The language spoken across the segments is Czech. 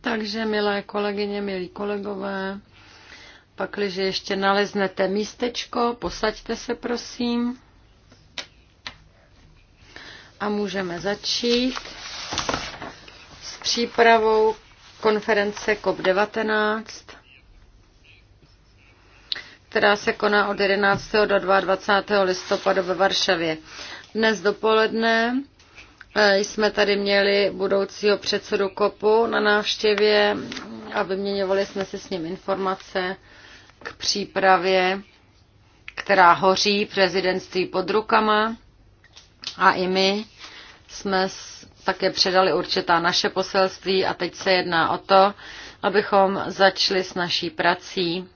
Takže, milé kolegyně, milí kolegové, pakliže ještě naleznete místečko, posaďte se, prosím. A můžeme začít s přípravou konference COP19, která se koná od 11. do 22. listopadu ve Varšavě. Dnes dopoledne Eh, jsme tady měli budoucího předsedu KOPu na návštěvě a vyměňovali jsme si s ním informace k přípravě, která hoří prezidentství pod rukama a i my jsme také předali určitá naše poselství a teď se jedná o to, abychom začali s naší prací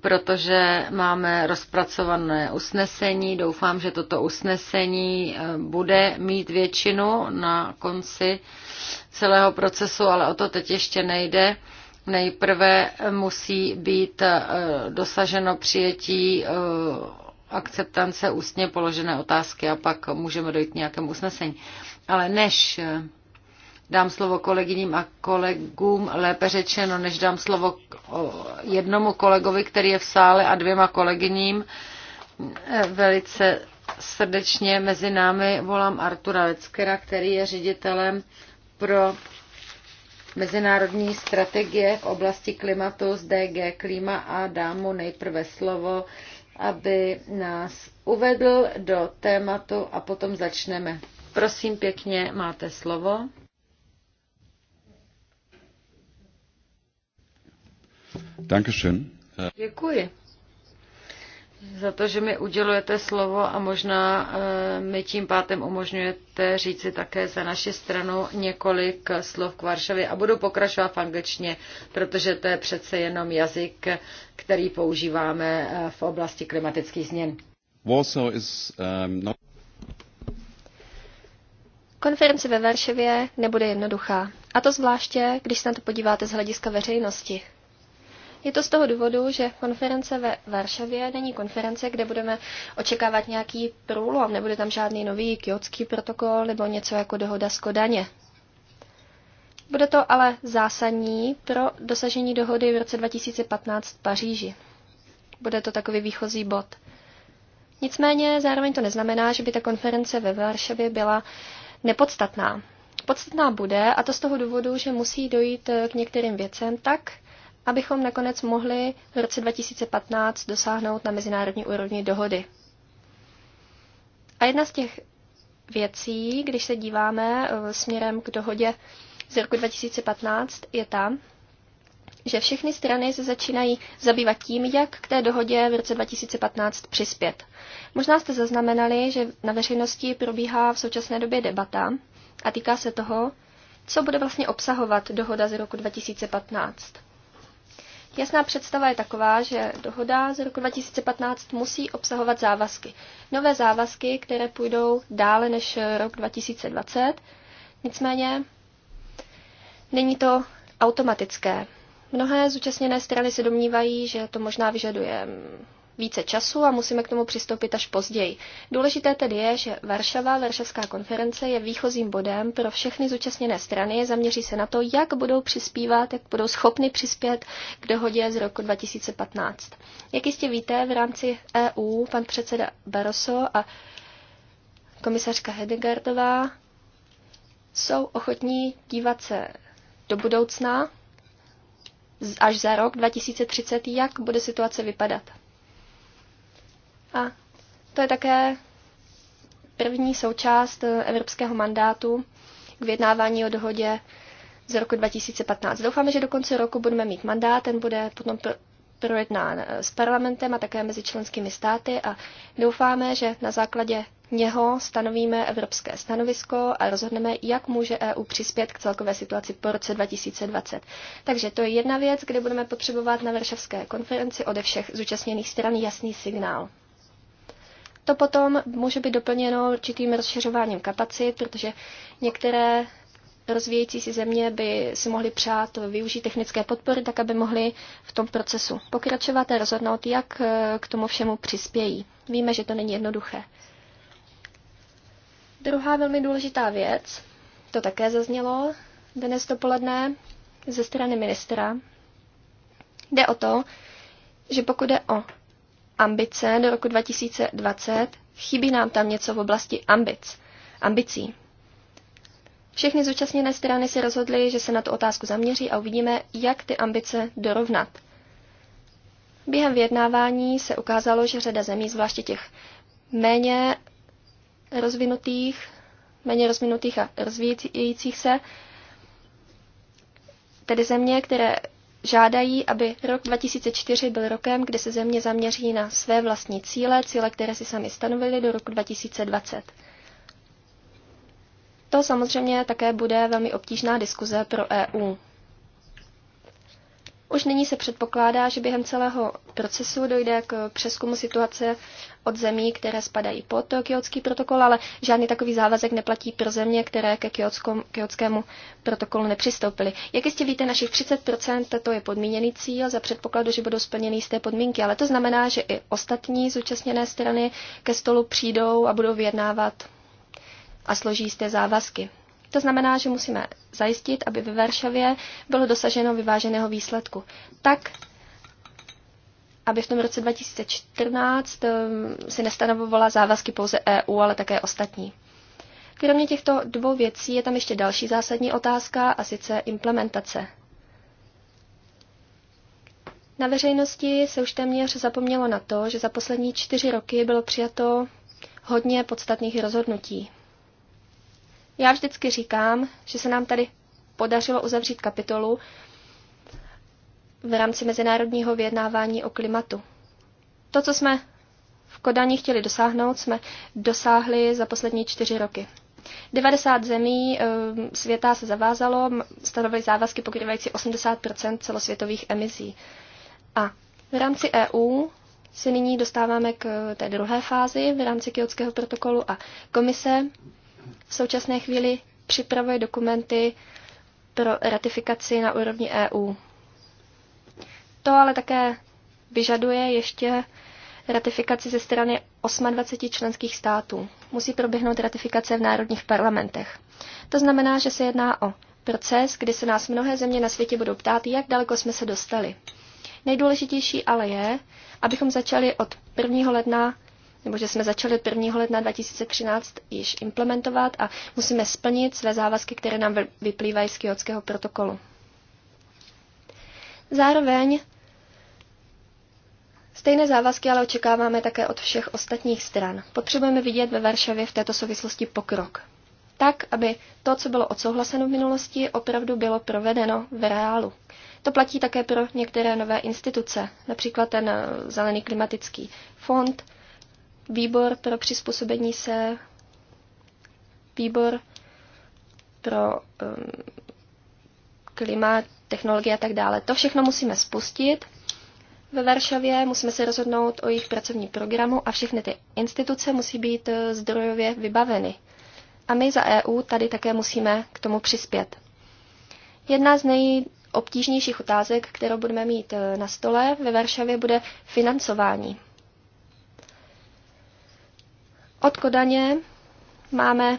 protože máme rozpracované usnesení. Doufám, že toto usnesení eh, bude mít většinu na konci celého procesu, ale o to teď ještě nejde. Nejprve musí být eh, dosaženo přijetí eh, akceptance ústně položené otázky a pak můžeme dojít k nějakému usnesení. Ale než dám slovo kolegyním a kolegům, lépe řečeno, než dám slovo jednomu kolegovi, který je v sále a dvěma kolegyním. Velice srdečně mezi námi volám Artura Leckera, který je ředitelem pro mezinárodní strategie v oblasti klimatu z DG Klima a dám mu nejprve slovo, aby nás uvedl do tématu a potom začneme. Prosím pěkně, máte slovo. Dankeschön. Děkuji za to, že mi udělujete slovo a možná eh, mi tím pátem umožňujete říci také za naši stranu několik slov k Varšavě a budu pokračovat v angličtině, protože to je přece jenom jazyk, který používáme eh, v oblasti klimatických změn. Um, Konference ve Varšavě nebude jednoduchá, a to zvláště, když se na to podíváte z hlediska veřejnosti. Je to z toho důvodu, že konference ve Varšavě není konference, kde budeme očekávat nějaký průlom, nebude tam žádný nový kjotský protokol nebo něco jako dohoda z Kodaně. Bude to ale zásadní pro dosažení dohody v roce 2015 v Paříži. Bude to takový výchozí bod. Nicméně zároveň to neznamená, že by ta konference ve Varšavě byla nepodstatná. Podstatná bude, a to z toho důvodu, že musí dojít k některým věcem tak, abychom nakonec mohli v roce 2015 dosáhnout na mezinárodní úrovni dohody. A jedna z těch věcí, když se díváme eh, směrem k dohodě z roku 2015, je tam, že všechny strany se začínají zabývat tím, jak k té dohodě v roce 2015 přispět. Možná jste zaznamenali, že na veřejnosti probíhá v současné době debata a týká se toho, co bude vlastně obsahovat dohoda z roku 2015. Jasná představa je taková, že dohoda z roku 2015 musí obsahovat závazky. Nové závazky, které půjdou dále než rok 2020. Nicméně není to automatické. Mnohé zúčastněné strany se domnívají, že to možná vyžaduje více času a musíme k tomu přistoupit až později. Důležité tedy je, že Varšava, Varšavská konference je výchozím bodem pro všechny zúčastněné strany, zaměří se na to, jak budou přispívat, jak budou schopny přispět k dohodě z roku 2015. Jak jistě víte, v rámci EU pan předseda Barroso a komisařka Hedegardová jsou ochotní dívat se do budoucna až za rok 2030, jak bude situace vypadat. A to je také první součást eh, evropského mandátu k vyjednávání o dohodě z roku 2015. Doufáme, že do konce roku budeme mít mandát, ten bude potom projednán eh, s parlamentem a také mezi členskými státy a doufáme, že na základě něho stanovíme evropské stanovisko a rozhodneme, jak může EU přispět k celkové situaci po roce 2020. Takže to je jedna věc, kde budeme potřebovat na Varšavské konferenci ode všech zúčastněných stran jasný signál. To potom může být doplněno určitým rozšiřováním kapacit, protože některé rozvíjející si země by si mohly přát využít technické podpory, tak aby mohly v tom procesu pokračovat a rozhodnout, jak eh, k tomu všemu přispějí. Víme, že to není jednoduché. Druhá velmi důležitá věc, to také zaznělo dnes dopoledne ze strany ministra, jde o to, že pokud jde o ambice do roku 2020, chybí nám tam něco v oblasti ambic, ambicí. Všechny zúčastněné strany se rozhodly, že se na tu otázku zaměří a uvidíme, jak ty ambice dorovnat. Během vyjednávání se ukázalo, že řada zemí, zvláště těch méně rozvinutých, méně rozvinutých a rozvíjících se, tedy země, které žádají, aby rok 2004 byl rokem, kde se země zaměří na své vlastní cíle, cíle, které si sami stanovili do roku 2020. To samozřejmě také bude velmi obtížná diskuze pro EU. Už nyní se předpokládá, že během celého procesu dojde k přeskumu situace od zemí, které spadají pod kyotský protokol, ale žádný takový závazek neplatí pro země, které ke kyotskému protokolu nepřistoupily. Jak jistě víte, našich 30% to je podmíněný cíl za předpokladu, že budou splněny jisté podmínky, ale to znamená, že i ostatní zúčastněné strany ke stolu přijdou a budou vyjednávat a složí jisté závazky. To znamená, že musíme zajistit, aby ve Varšavě bylo dosaženo vyváženého výsledku. Tak, aby v tom roce 2014 um, si nestanovovala závazky pouze EU, ale také ostatní. Kromě těchto dvou věcí je tam ještě další zásadní otázka, a sice implementace. Na veřejnosti se už téměř zapomnělo na to, že za poslední čtyři roky bylo přijato hodně podstatných rozhodnutí. Já vždycky říkám, že se nám tady podařilo uzavřít kapitolu v rámci mezinárodního vyjednávání o klimatu. To, co jsme v Kodani chtěli dosáhnout, jsme dosáhli za poslední čtyři roky. 90 zemí ehm, světa se zavázalo, stanovili závazky pokrývající 80 celosvětových emisí. A v rámci EU se nyní dostáváme k eh, té druhé fázi v rámci Kyotského protokolu a komise v současné chvíli připravuje dokumenty pro ratifikaci na úrovni EU. To ale také vyžaduje ještě ratifikaci ze strany 28 členských států. Musí proběhnout ratifikace v národních parlamentech. To znamená, že se jedná o proces, kdy se nás mnohé země na světě budou ptát, jak daleko jsme se dostali. Nejdůležitější ale je, abychom začali od 1. ledna nebo že jsme začali 1. ledna 2013 již implementovat a musíme splnit své závazky, které nám vyplývají z kyotského protokolu. Zároveň Stejné závazky ale očekáváme také od všech ostatních stran. Potřebujeme vidět ve Varšavě v této souvislosti pokrok. Tak, aby to, co bylo odsouhlaseno v minulosti, opravdu bylo provedeno v reálu. To platí také pro některé nové instituce, například ten eh, Zelený klimatický fond výbor pro přizpůsobení se, výbor pro um, klima, technologie a tak dále. To všechno musíme spustit ve Varšavě, musíme se rozhodnout o jejich pracovní programu a všechny ty instituce musí být eh, zdrojově vybaveny. A my za EU tady také musíme k tomu přispět. Jedna z nejobtížnějších otázek, kterou budeme mít eh, na stole ve Varšavě, bude financování. Od Kodaně máme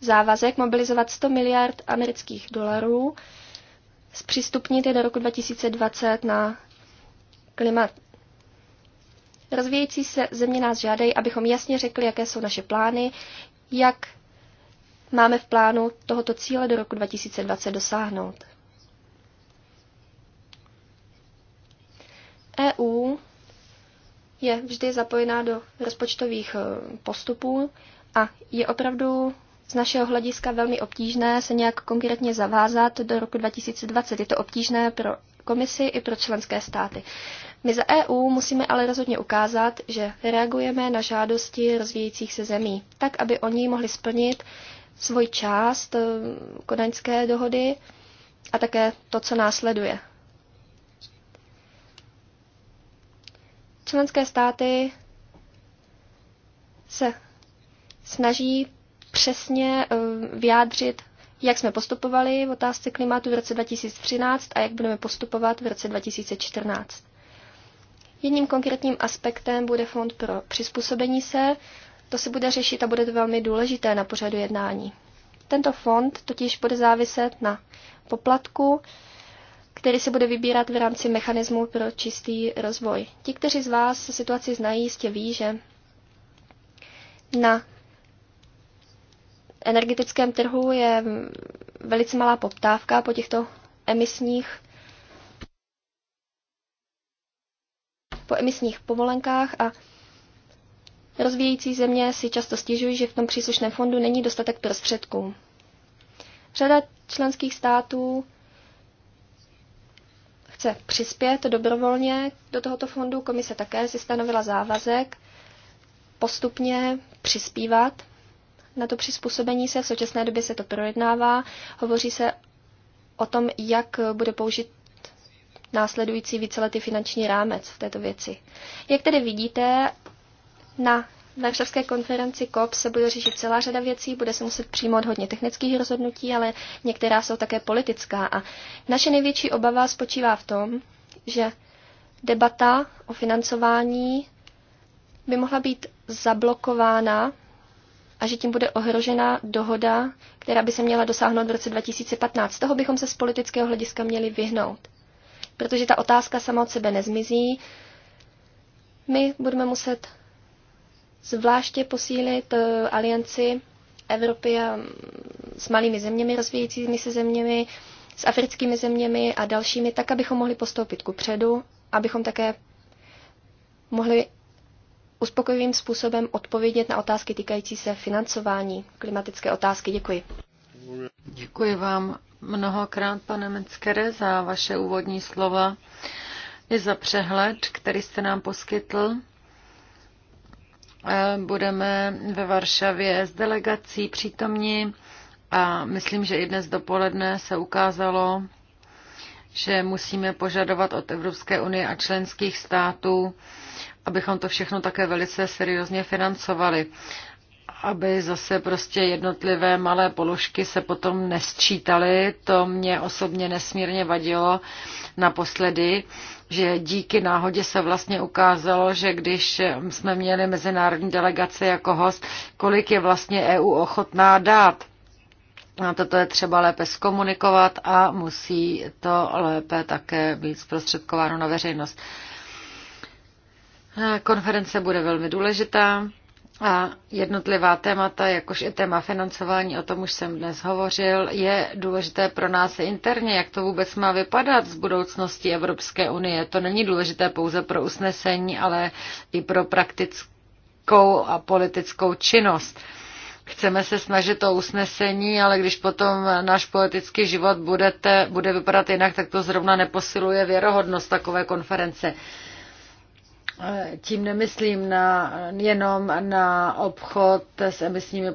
závazek mobilizovat 100 miliard amerických dolarů, zpřístupnit je do roku 2020 na klimat. Rozvíjející se země nás žádají, abychom jasně řekli, jaké jsou naše plány, jak máme v plánu tohoto cíle do roku 2020 dosáhnout. je vždy zapojená do rozpočtových eh, postupů a je opravdu z našeho hlediska velmi obtížné se nějak konkrétně zavázat do roku 2020. Je to obtížné pro komisi i pro členské státy. My za EU musíme ale rozhodně ukázat, že reagujeme na žádosti rozvíjejících se zemí, tak aby oni mohli splnit svoji část eh, kodaňské dohody a také to, co následuje. Členské státy se snaží přesně eh, vyjádřit, jak jsme postupovali v otázce klimatu v roce 2013 a jak budeme postupovat v roce 2014. Jedním konkrétním aspektem bude fond pro přizpůsobení se. To se bude řešit a bude to velmi důležité na pořadu jednání. Tento fond totiž bude záviset na poplatku, který se bude vybírat v rámci mechanismu pro čistý rozvoj. Ti, kteří z vás situaci znají, jistě ví, že na energetickém trhu je velice malá poptávka po těchto emisních po emisních povolenkách a rozvíjející země si často stěžují, že v tom příslušném fondu není dostatek prostředků. Řada členských států chce přispět dobrovolně do tohoto fondu. Komise také si stanovila závazek postupně přispívat na to přizpůsobení se. V současné době se to projednává. Hovoří se o tom, jak bude použit následující víceletý finanční rámec v této věci. Jak tedy vidíte, na na Evropské konferenci COP se bude řešit celá řada věcí, bude se muset přijmout hodně technických rozhodnutí, ale některá jsou také politická. A naše největší obava spočívá v tom, že debata o financování by mohla být zablokována a že tím bude ohrožena dohoda, která by se měla dosáhnout v roce 2015. Toho bychom se z politického hlediska měli vyhnout. Protože ta otázka sama od sebe nezmizí. My budeme muset zvláště posílit eh, alianci Evropy a mm, s malými zeměmi, rozvíjejícími se zeměmi, s africkými zeměmi a dalšími, tak abychom mohli postoupit ku předu, abychom také mohli uspokojivým způsobem odpovědět na otázky týkající se financování klimatické otázky. Děkuji. Děkuji vám mnohokrát, pane Meckere, za vaše úvodní slova i za přehled, který jste nám poskytl. Eh, budeme ve Varšavě s delegací přítomní a myslím, že i dnes dopoledne se ukázalo, že musíme požadovat od Evropské unie a členských států, abychom to všechno také velice seriózně financovali aby zase prostě jednotlivé malé položky se potom nesčítaly. To mě osobně nesmírně vadilo naposledy, že díky náhodě se vlastně ukázalo, že když jsme měli mezinárodní delegace jako host, kolik je vlastně EU ochotná dát. A toto je třeba lépe zkomunikovat a musí to lépe také být zprostředkováno na veřejnost. Konference bude velmi důležitá. A jednotlivá témata, jakož i téma financování, o tom už jsem dnes hovořil, je důležité pro nás interně, jak to vůbec má vypadat z budoucnosti Evropské unie. To není důležité pouze pro usnesení, ale i pro praktickou a politickou činnost. Chceme se snažit o usnesení, ale když potom náš politický život budete, bude vypadat jinak, tak to zrovna neposiluje věrohodnost takové konference. Tím nemyslím na, jenom na obchod s emisními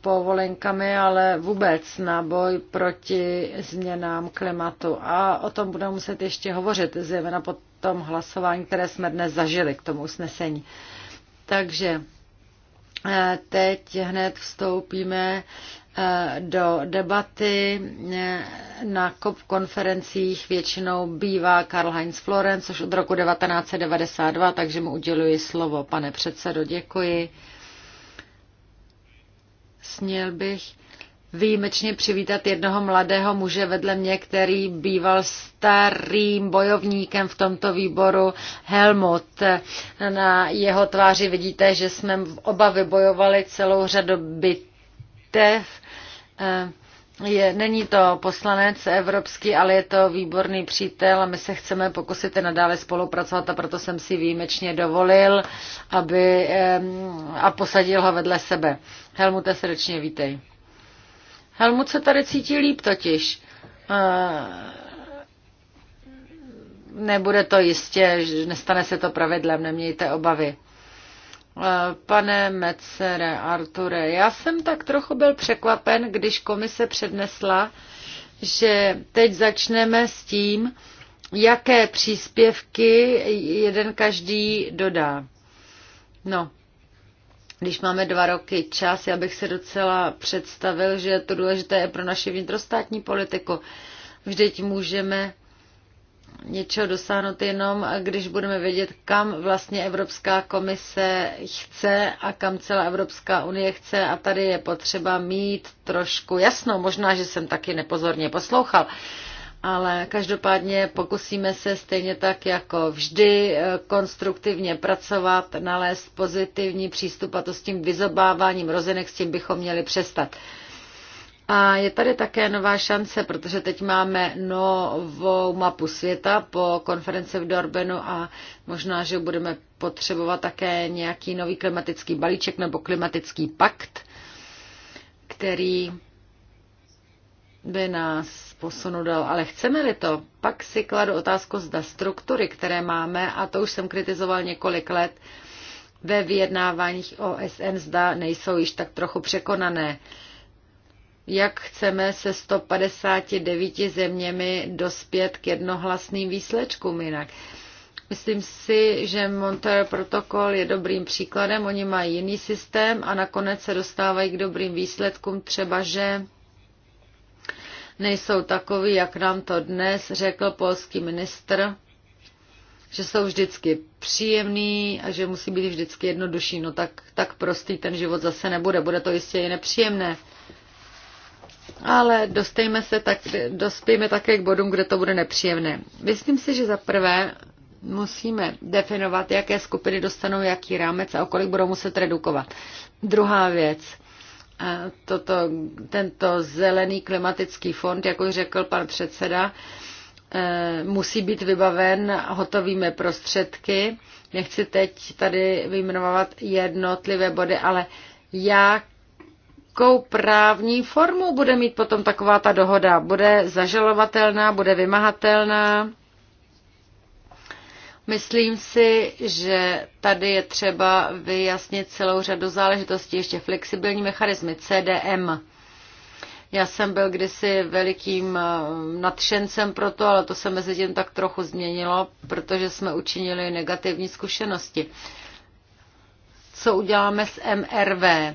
povolenkami, ale vůbec na boj proti změnám klimatu. A o tom budeme muset ještě hovořit, zejména po tom hlasování, které jsme dnes zažili k tomu usnesení. Takže Eh, teď hned vstoupíme eh, do debaty. Eh, na COP konferencích většinou bývá Karl Heinz Florenz, což od roku 1992, takže mu uděluji slovo. Pane předsedo, děkuji. Sněl bych výjimečně přivítat jednoho mladého muže vedle mě, který býval starým bojovníkem v tomto výboru Helmut. Na jeho tváři vidíte, že jsme oba vybojovali celou řadu bitev. Eh, je, není to poslanec evropský, ale je to výborný přítel a my se chceme pokusit i nadále spolupracovat a proto jsem si výjimečně dovolil aby, eh, a posadil ho vedle sebe. Helmute, srdečně vítej. Helmut se tady cítí líp totiž. Nebude to jistě, nestane se to pravidlem, nemějte obavy. Pane Metzere, Arture, já jsem tak trochu byl překvapen, když komise přednesla, že teď začneme s tím, jaké příspěvky jeden každý dodá. No, když máme dva roky čas, já bych se docela představil, že to důležité je pro naši vnitrostátní politiku. Vždyť můžeme něčeho dosáhnout jenom, když budeme vědět, kam vlastně Evropská komise chce a kam celá Evropská unie chce. A tady je potřeba mít trošku jasno. Možná, že jsem taky nepozorně poslouchal. Uh, ale každopádně pokusíme se stejně tak jako vždy eh, konstruktivně pracovat, nalézt pozitivní přístup a to s tím vyzobáváním rozenek, s tím bychom měli přestat. A je tady také nová šance, protože teď máme novou mapu světa po konferenci v Dorbenu a možná, že budeme potřebovat také nějaký nový klimatický balíček nebo klimatický pakt, který by nás posunul dal. Ale chceme-li to, pak si kladu otázku, zda struktury, které máme, a to už jsem kritizoval několik let, ve vyjednáváních OSN zda nejsou již tak trochu překonané. Jak chceme se 159 zeměmi dospět k jednohlasným výsledkům jinak? Myslím si, že Montreal protokol je dobrým příkladem, oni mají jiný systém a nakonec se dostávají k dobrým výsledkům, třeba že nejsou takový, jak nám to dnes řekl polský ministr, že jsou vždycky příjemný a že musí být vždycky jednodušší. No tak, tak prostý ten život zase nebude, bude to jistě i nepříjemné. Ale dostejme se tak, dospějme také k bodům, kde to bude nepříjemné. Myslím si, že za prvé musíme definovat, jaké skupiny dostanou jaký rámec a o kolik budou muset redukovat. Druhá věc – toto, tento zelený klimatický fond, jak už řekl pan předseda, eh, musí být vybaven hotovými prostředky. Nechci teď tady vyjmenovat jednotlivé body, ale jakou právní formu bude mít potom taková ta dohoda? Bude zažalovatelná, bude vymahatelná? Myslím si, že tady je třeba vyjasnit celou řadu záležitostí, ještě flexibilní mechanizmy CDM. Já jsem byl kdysi velikým eh, nadšencem pro to, ale to se mezi tím tak trochu změnilo, protože jsme učinili negativní zkušenosti. Co uděláme s MRV?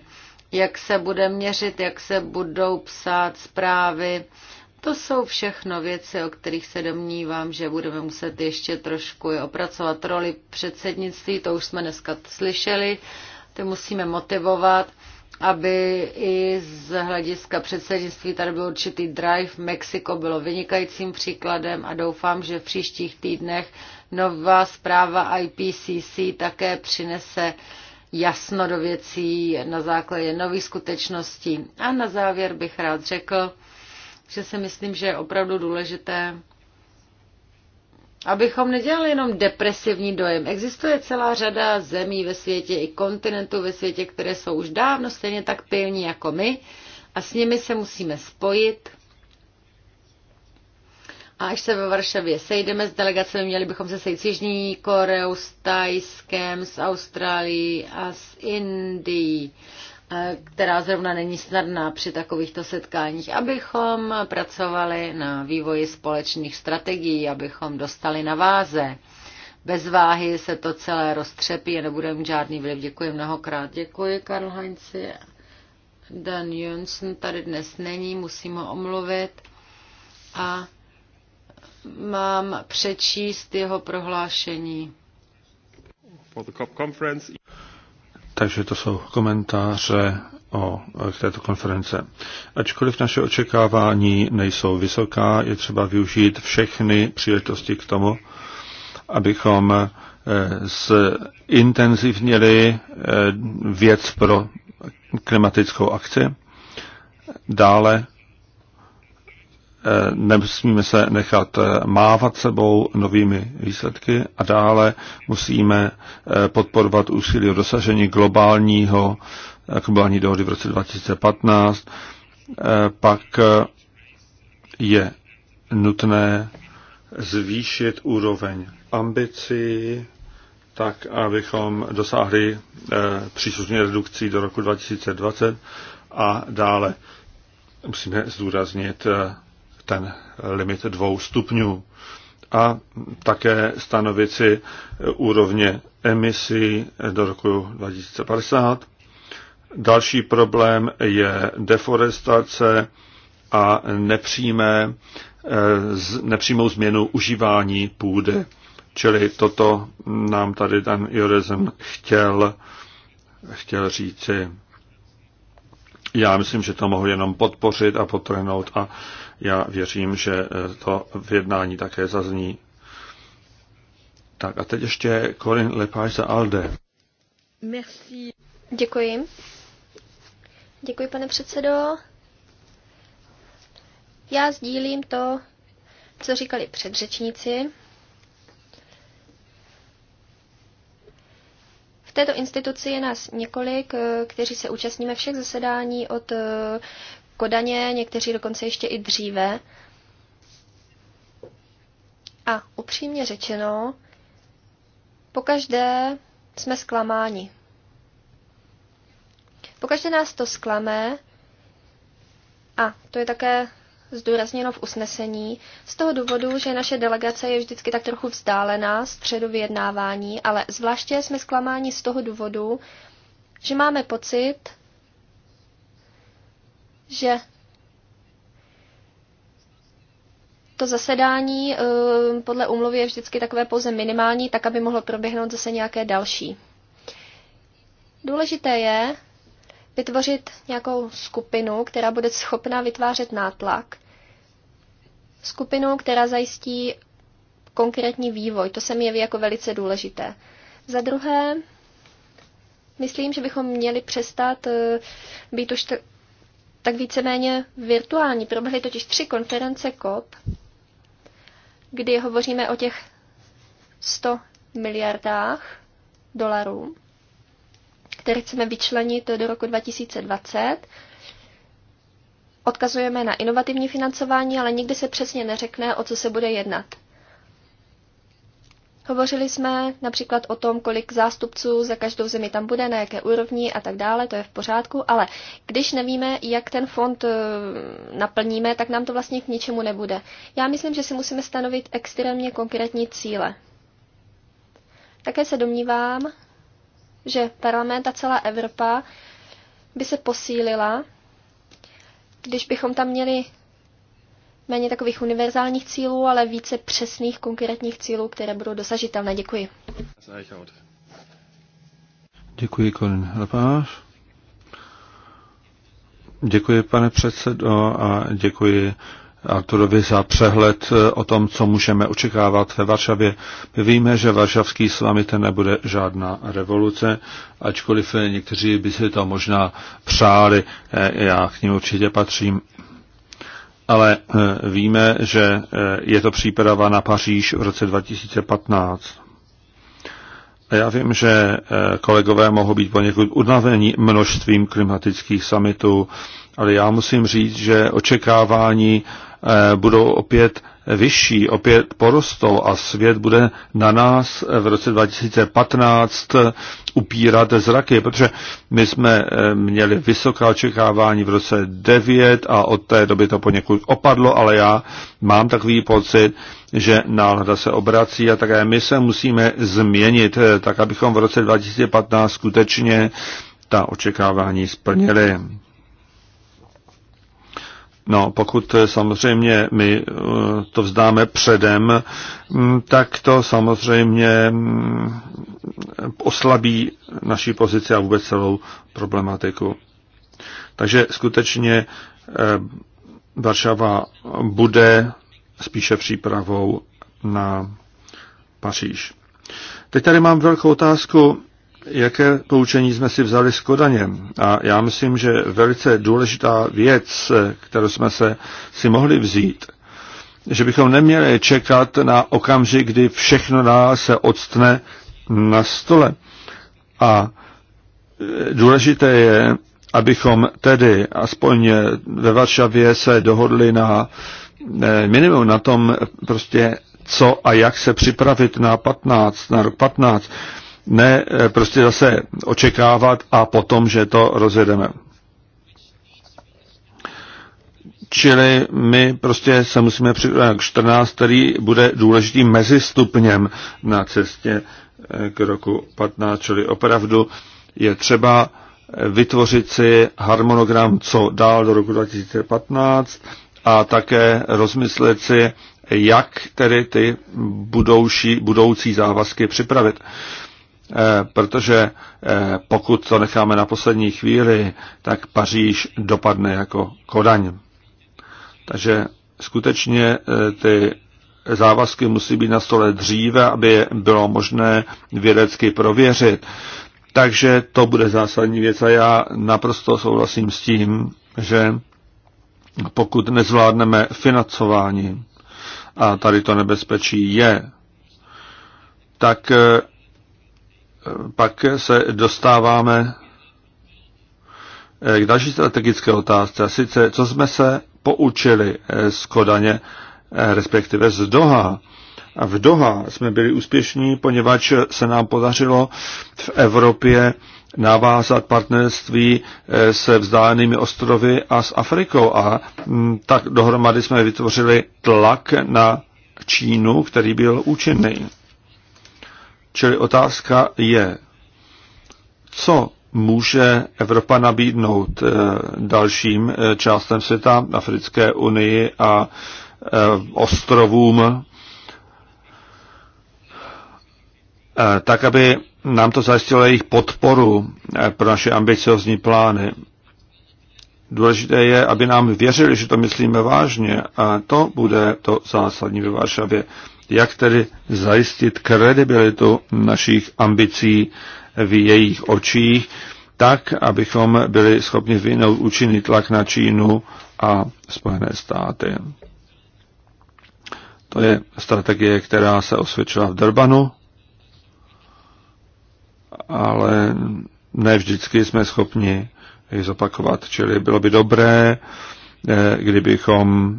Jak se bude měřit, jak se budou psát zprávy? To jsou všechno věci, o kterých se domnívám, že budeme muset ještě trošku je opracovat roli předsednictví, to už jsme dneska slyšeli, ty musíme motivovat aby i z hlediska předsednictví tady byl určitý drive. Mexiko bylo vynikajícím příkladem a doufám, že v příštích týdnech nová zpráva IPCC také přinese jasno do věcí na základě nových skutečností. A na závěr bych rád řekl, že si myslím, že je opravdu důležité, abychom nedělali jenom depresivní dojem. Existuje celá řada zemí ve světě i kontinentů ve světě, které jsou už dávno stejně tak pilní jako my a s nimi se musíme spojit. A až se ve Varšavě sejdeme s delegacemi, měli bychom se sejít s Jižní Koreou, s Tajskem, s Austrálií a s Indií. E, která zrovna není snadná při takovýchto setkáních, abychom pracovali na vývoji společných strategií, abychom dostali na váze. Bez váhy se to celé roztřepí a nebude mít žádný vliv. Děkuji mnohokrát. Děkuji, Karl Heinzi. Dan Jonsson tady dnes není, musím ho omluvit. A mám přečíst jeho prohlášení. For the COP conference. Takže to jsou komentáře o, k této konference. Ačkoliv naše očekávání nejsou vysoká, je třeba využít všechny příležitosti k tomu, abychom eh, zintenzivnili eh, věc pro klimatickou akci. Dále Eh, Nesmíme se nechat eh, mávat sebou novými výsledky a dále musíme eh, podporovat úsilí o dosažení globálního, globální dohody v roce 2015. Pak je nutné zvýšit úroveň ambicí, tak abychom dosáhli příslušných redukcí do roku 2020 a dále musíme zdůraznit ten limit dvou stupňů a také stanovit si úrovně emisí do roku 2050. Další problém je deforestace a nepřímé, nepřímou změnu užívání půdy. Čili toto nám tady ten Jorezen chtěl, chtěl říci. Já myslím, že to mohu jenom podpořit a potrhnout a já věřím, že eh, to v jednání také zazní. Tak a teď ještě Corin Lepage za Alde. Merci. Děkuji. Děkuji, pane předsedo. Já sdílím to, co říkali předřečníci. V této instituci je nás několik, eh, kteří se účastníme všech zasedání od eh, Kodaně, někteří dokonce ještě i dříve. A upřímně řečeno, pokaždé jsme zklamáni. Pokaždé nás to zklame, a to je také zdůrazněno v usnesení, z toho důvodu, že naše delegace je vždycky tak trochu vzdálená středu vyjednávání, ale zvláště jsme zklamáni z toho důvodu, že máme pocit, že to zasedání eh, podle úmluvy je vždycky takové pouze minimální, tak aby mohlo proběhnout zase nějaké další. Důležité je vytvořit nějakou skupinu, která bude schopná vytvářet nátlak. Skupinu, která zajistí konkrétní vývoj. To se mi jeví jako velice důležité. Za druhé, myslím, že bychom měli přestat eh, být už tak víceméně virtuální. Proběhly totiž tři konference COP, kdy hovoříme o těch 100 miliardách dolarů, které chceme vyčlenit do roku 2020. Odkazujeme na inovativní financování, ale nikdy se přesně neřekne, o co se bude jednat. Hovořili jsme například o tom, kolik zástupců za každou zemi tam bude, na jaké úrovni a tak dále, to je v pořádku, ale když nevíme, jak ten fond e, naplníme, tak nám to vlastně k ničemu nebude. Já myslím, že si musíme stanovit extrémně konkrétní cíle. Také se domnívám, že parlament a celá Evropa by se posílila, když bychom tam měli méně takových univerzálních cílů, ale více přesných konkrétních cílů, které budou dosažitelné. Děkuji. Děkuji, Korin Lepáš. Děkuji, pane předsedo, a děkuji Arturovi za přehled eh, o tom, co můžeme očekávat ve Varšavě. My víme, že Varšavský ten nebude žádná revoluce, ačkoliv eh, někteří by si to možná přáli, eh, já k ním určitě patřím ale eh, víme, že eh, je to příprava na Paříž v roce 2015. A já vím, že eh, kolegové mohou být poněkud unavení množstvím klimatických summitů, ale já musím říct, že očekávání budou opět vyšší, opět porostou a svět bude na nás v roce 2015 upírat zraky, protože my jsme eh, měli vysoká očekávání v roce 9 a od té doby to poněkud opadlo, ale já mám takový pocit, že nálada se obrací a také my se musíme změnit, eh, tak abychom v roce 2015 skutečně ta očekávání splnili. No, pokud eh, samozřejmě my eh, to vzdáme předem, mm, tak to samozřejmě mm, oslabí naší pozici a vůbec celou problematiku. Takže skutečně eh, Varšava bude spíše přípravou na Paříž. Teď tady mám velkou otázku, jaké poučení jsme si vzali s Kodaněm. A já myslím, že velice důležitá věc, kterou jsme se si mohli vzít, že bychom neměli čekat na okamžik, kdy všechno nás se odstne na stole. A e, důležité je, abychom tedy aspoň ve Varšavě se dohodli na e, minimum na tom prostě co a jak se připravit na 15, na rok 15 ne eh, prostě zase očekávat a potom, že to rozjedeme. Čili my prostě se musíme připravit k 14, který bude důležitým mezistupněm na cestě eh, k roku 15, čili opravdu je třeba eh, vytvořit si harmonogram, co dál do roku 2015 a také rozmyslet si, jak tedy ty budoucí, budoucí závazky připravit. Eh, protože eh, pokud to necháme na poslední chvíli, tak Paříž dopadne jako Kodaň. Takže skutečně eh, ty závazky musí být na stole dříve, aby je bylo možné vědecky prověřit. Takže to bude zásadní věc a já naprosto souhlasím s tím, že pokud nezvládneme financování, a tady to nebezpečí je, tak pak se dostáváme eh, k další strategické otázce. A sice, co jsme se poučili eh, z Kodaně, eh, respektive z Doha. A v Doha jsme byli úspěšní, poněvadž se nám podařilo v Evropě navázat partnerství se vzdálenými ostrovy a s Afrikou. A mm, tak dohromady jsme vytvořili tlak na Čínu, který byl účinný. Čili otázka je, co může Evropa nabídnout eh, dalším eh, částem světa, Africké unii a eh, ostrovům, tak, aby nám to zajistilo jejich podporu pro naše ambiciozní plány. Důležité je, aby nám věřili, že to myslíme vážně a to bude to zásadní ve Varšavě jak tedy zajistit kredibilitu našich ambicí v jejich očích, tak, abychom byli schopni vyvinout účinný tlak na Čínu a Spojené státy. To je strategie, která se osvědčila v Durbanu, ale ne vždycky jsme schopni ji zopakovat. Čili bylo by dobré, eh, kdybychom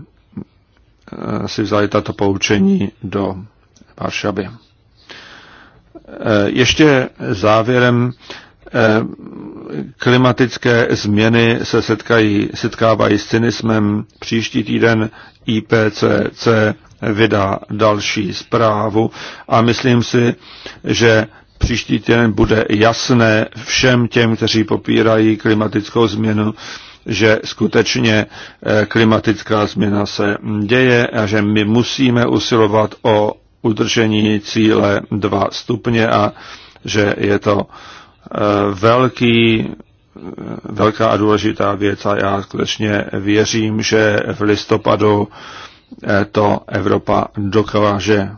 Eh, si vzali tato poučení do Varšavy. Eh, ještě závěrem eh, klimatické změny se setkají, setkávají s cynismem. Příští týden IPCC vydá další zprávu a myslím si, že příští týden bude jasné všem těm, kteří popírají klimatickou změnu, že skutečně eh, klimatická změna se děje a že my musíme usilovat o udržení cíle 2 stupně a že je to eh, velký, eh, velká a důležitá věc a já skutečně věřím, že v listopadu to Evropa dokáže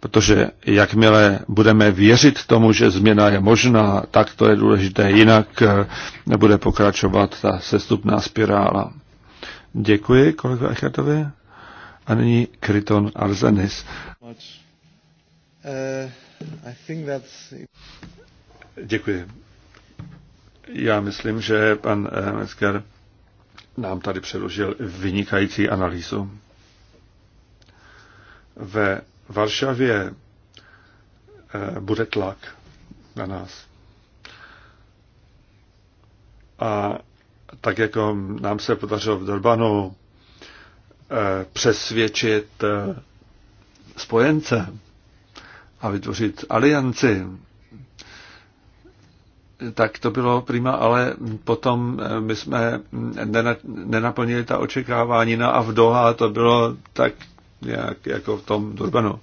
protože jakmile budeme věřit tomu, že změna je možná, tak to je důležité, jinak eh, nebude pokračovat ta sestupná spirála. Děkuji kolegu Echertovi a nyní Kryton Arzenis. Děkuji. Já myslím, že pan eh, Metzger nám tady předložil vynikající analýzu. Ve Varšavě eh, bude tlak na nás. A tak jako nám se podařilo v Dorbanu eh, přesvědčit eh, spojence a vytvořit alianci, tak to bylo prima, ale potom my jsme mm, nenaplnili ta očekávání na no Avdoha, to bylo tak jak, jako v tom Durbanu.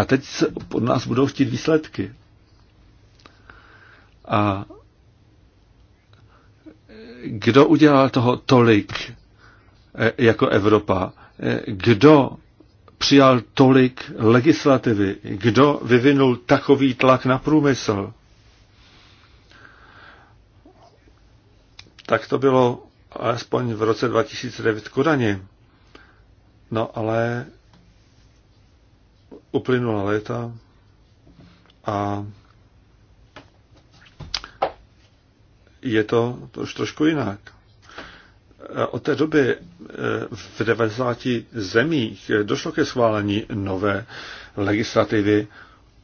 A teď se od nás budou chtít výsledky. A kdo udělal toho tolik eh, jako Evropa? Eh, kdo přijal tolik legislativy? Kdo vyvinul takový tlak na průmysl? Tak to bylo alespoň v roce 2009 Kodani. No ale uplynula léta a je to už trošku jinak. Od té doby eh, v 90 zemích eh, došlo ke schválení nové legislativy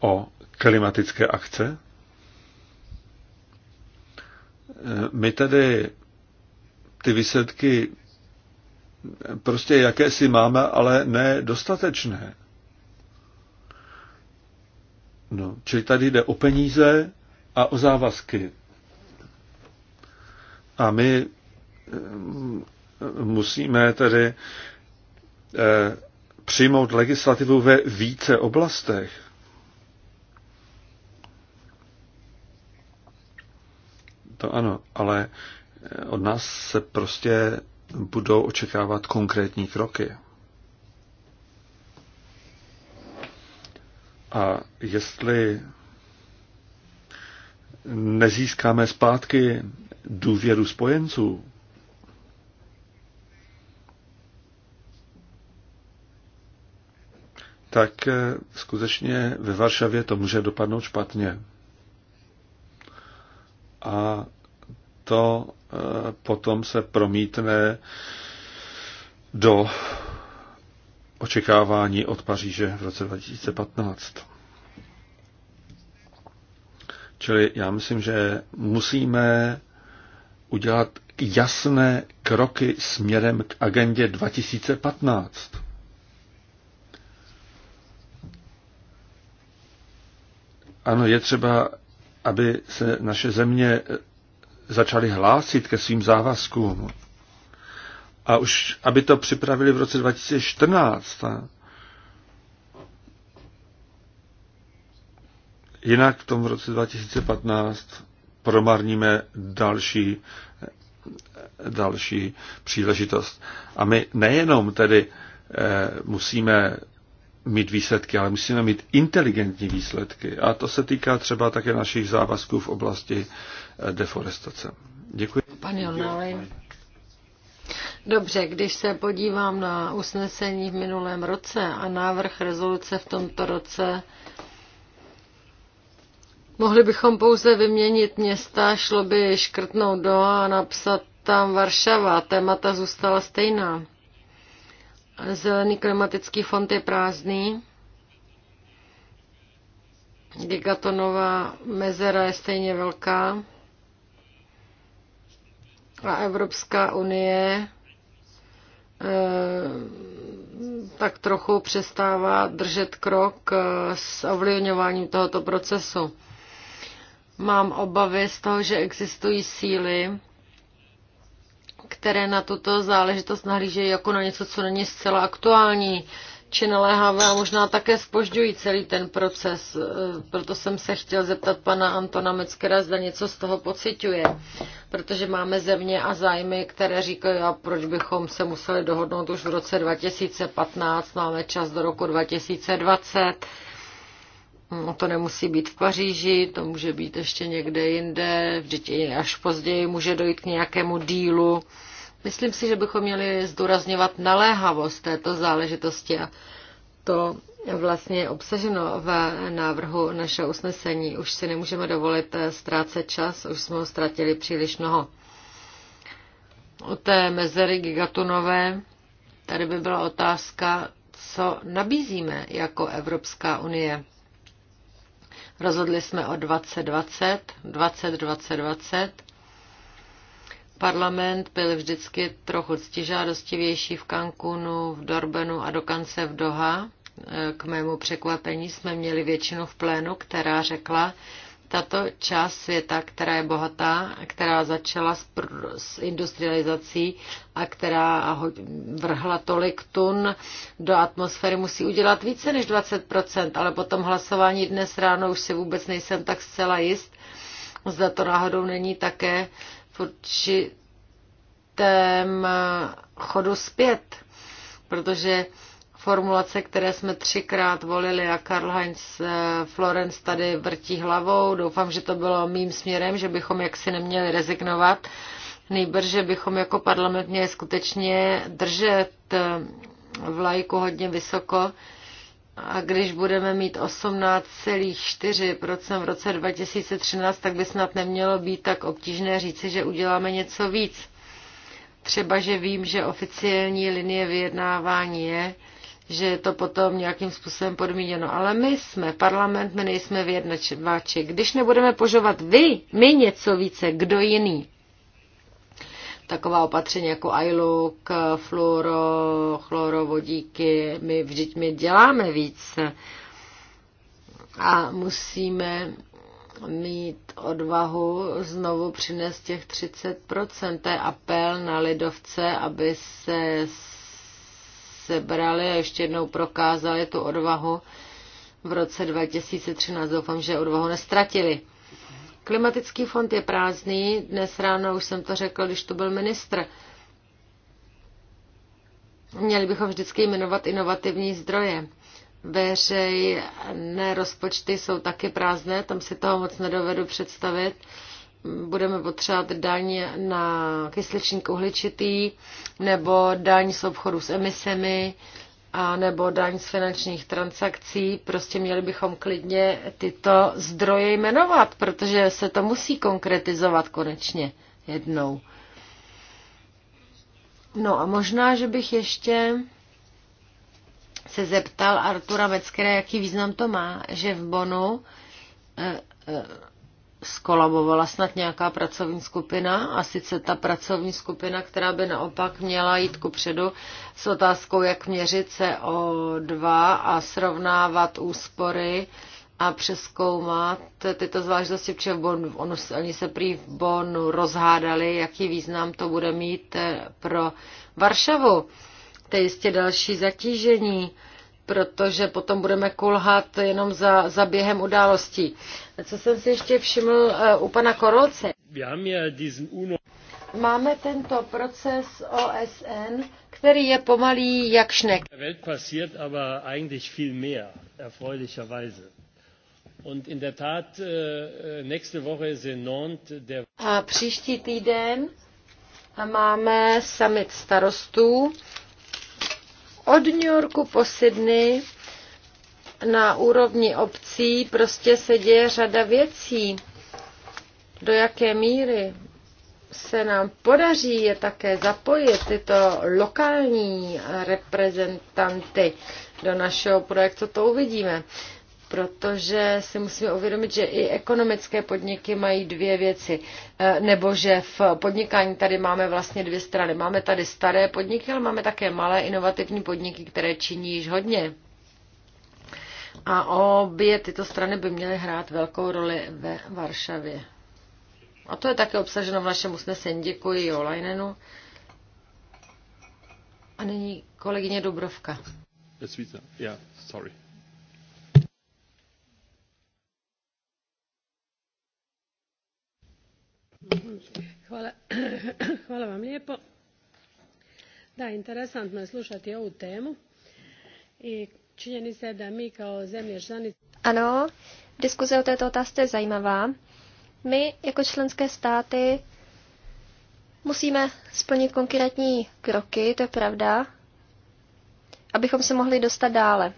o klimatické akce. Eh, my tedy ty výsledky prostě jaké si máme, ale ne dostatečné. No, čili tady jde o peníze a o závazky. A my eh, musíme tedy eh, přijmout legislativu ve více oblastech. To ano, ale od nás se prostě budou očekávat konkrétní kroky. A jestli nezískáme zpátky důvěru spojenců, tak eh, skutečně ve Varšavě to může dopadnout špatně. A to potom se promítne do očekávání od Paříže v roce 2015. Čili já myslím, že musíme udělat jasné kroky směrem k agendě 2015. Ano, je třeba, aby se naše země začali hlásit ke svým závazkům a už, aby to připravili v roce 2014, Jinak v tom v roce 2015 promarníme další, další příležitost. A my nejenom tedy eh, musíme mít výsledky, ale musíme mít inteligentní výsledky. A to se týká třeba také našich závazků v oblasti eh, deforestace. Děkuji. Pane Onali. Dobře, když se podívám na usnesení v minulém roce a návrh rezoluce v tomto roce, mohli bychom pouze vyměnit města, šlo by škrtnout do a napsat tam Varšava. Témata zůstala stejná. Zelený klimatický fond je prázdný. Gigatonová mezera je stejně velká. A Evropská unie eh, tak trochu přestává držet krok eh, s ovlivňováním tohoto procesu. Mám obavy z toho, že existují síly, které na tuto záležitost nahlížejí jako na něco, co není zcela aktuální či naléhavé a možná také spožďují celý ten proces. E, proto jsem se chtěl zeptat pana Antona Meckera, zda něco z toho pociťuje. Protože máme země a zájmy, které říkají, a proč bychom se museli dohodnout už v roce 2015, máme čas do roku 2020 No, to nemusí být v Paříži, to může být ještě někde jinde, vždyť až později může dojít k nějakému dílu. Myslím si, že bychom měli zdůrazňovat naléhavost této záležitosti a to vlastně je obsaženo v návrhu našeho usnesení. Už si nemůžeme dovolit eh, ztrácet čas, už jsme ho ztratili příliš mnoho. U té mezery gigatunové, tady by byla otázka, co nabízíme jako Evropská unie. Rozhodli jsme o 2020, 2020, Parlament byl vždycky trochu ctižádostivější v Cancunu, v Dorbenu a dokonce v Doha. K mému překvapení jsme měli většinu v plénu, která řekla, tato část světa, která je bohatá, která začala s, s industrializací a která vrhla tolik tun do atmosféry, musí udělat více než 20%, ale po tom hlasování dnes ráno už si vůbec nejsem tak zcela jist, zda to náhodou není také v určitém eh, chodu zpět, protože formulace, které jsme třikrát volili a Karl Heinz eh, Florenz tady vrtí hlavou. Doufám, že to bylo mým směrem, že bychom jaksi neměli rezignovat. Nejbrž, že bychom jako parlament měli skutečně držet eh, vlajku hodně vysoko. A když budeme mít 18,4% v roce 2013, tak by snad nemělo být tak obtížné říci, že uděláme něco víc. Třeba, že vím, že oficiální linie vyjednávání je, že je to potom nějakým způsobem podmíněno. Ale my jsme parlament, my nejsme vyjednačováči. Když nebudeme požovat vy, my něco více, kdo jiný? Taková opatření jako iLook, fluoro, chlorovodíky, my vždyť my děláme více. A musíme mít odvahu znovu přinést těch 30%. To je apel na lidovce, aby se sebrali a ještě jednou prokázali tu odvahu v roce 2013. Doufám, že odvahu nestratili. Klimatický fond je prázdný. Dnes ráno už jsem to řekl, když tu byl ministr. Měli bychom vždycky jmenovat inovativní zdroje. Veřejné rozpočty jsou taky prázdné, tam si toho moc nedovedu představit budeme potřebovat daň na kysličník uhličitý, nebo daň z obchodu s emisemi, a nebo daň z finančních transakcí. Prostě měli bychom klidně tyto zdroje jmenovat, protože se to musí konkretizovat konečně jednou. No a možná, že bych ještě se zeptal Artura Meckera, jaký význam to má, že v Bonu eh, eh, skolabovala snad nějaká pracovní skupina a sice ta pracovní skupina, která by naopak měla jít ku předu s otázkou, jak měřit se o dva a srovnávat úspory a přeskoumat tyto zvláštnosti, protože bon, on, oni se prý v Bonu rozhádali, jaký význam to bude mít eh, pro Varšavu. To je jistě další zatížení protože potom budeme kulhat jenom za, za během událostí. Co jsem si ještě všiml uh, u pana Korolce? Máme tento proces OSN, který je pomalý jak šnek. Äh, äh, A příští týden máme summit starostů od New Yorku po Sydney na úrovni obcí prostě se děje řada věcí. Do jaké míry se nám podaří je také zapojit tyto lokální reprezentanty do našeho projektu, to uvidíme protože si musíme uvědomit, že i ekonomické podniky mají dvě věci, e, nebo že v podnikání tady máme vlastně dvě strany. Máme tady staré podniky, ale máme také malé inovativní podniky, které činí již hodně. A obě tyto strany by měly hrát velkou roli ve Varšavě. A to je také obsaženo v našem usnesení. Děkuji Jolajnenu. A nyní kolegyně Dubrovka. Yeah, sorry. Hvala, hvala Da, interesantno je slušati ovu temu i činjenica je da mi kao zemlje članice... Ano, diskuze o této otázce je zajímavá. My jako členské státy musíme splnit konkrétní kroky, to je pravda, abychom se mohli dostat dále.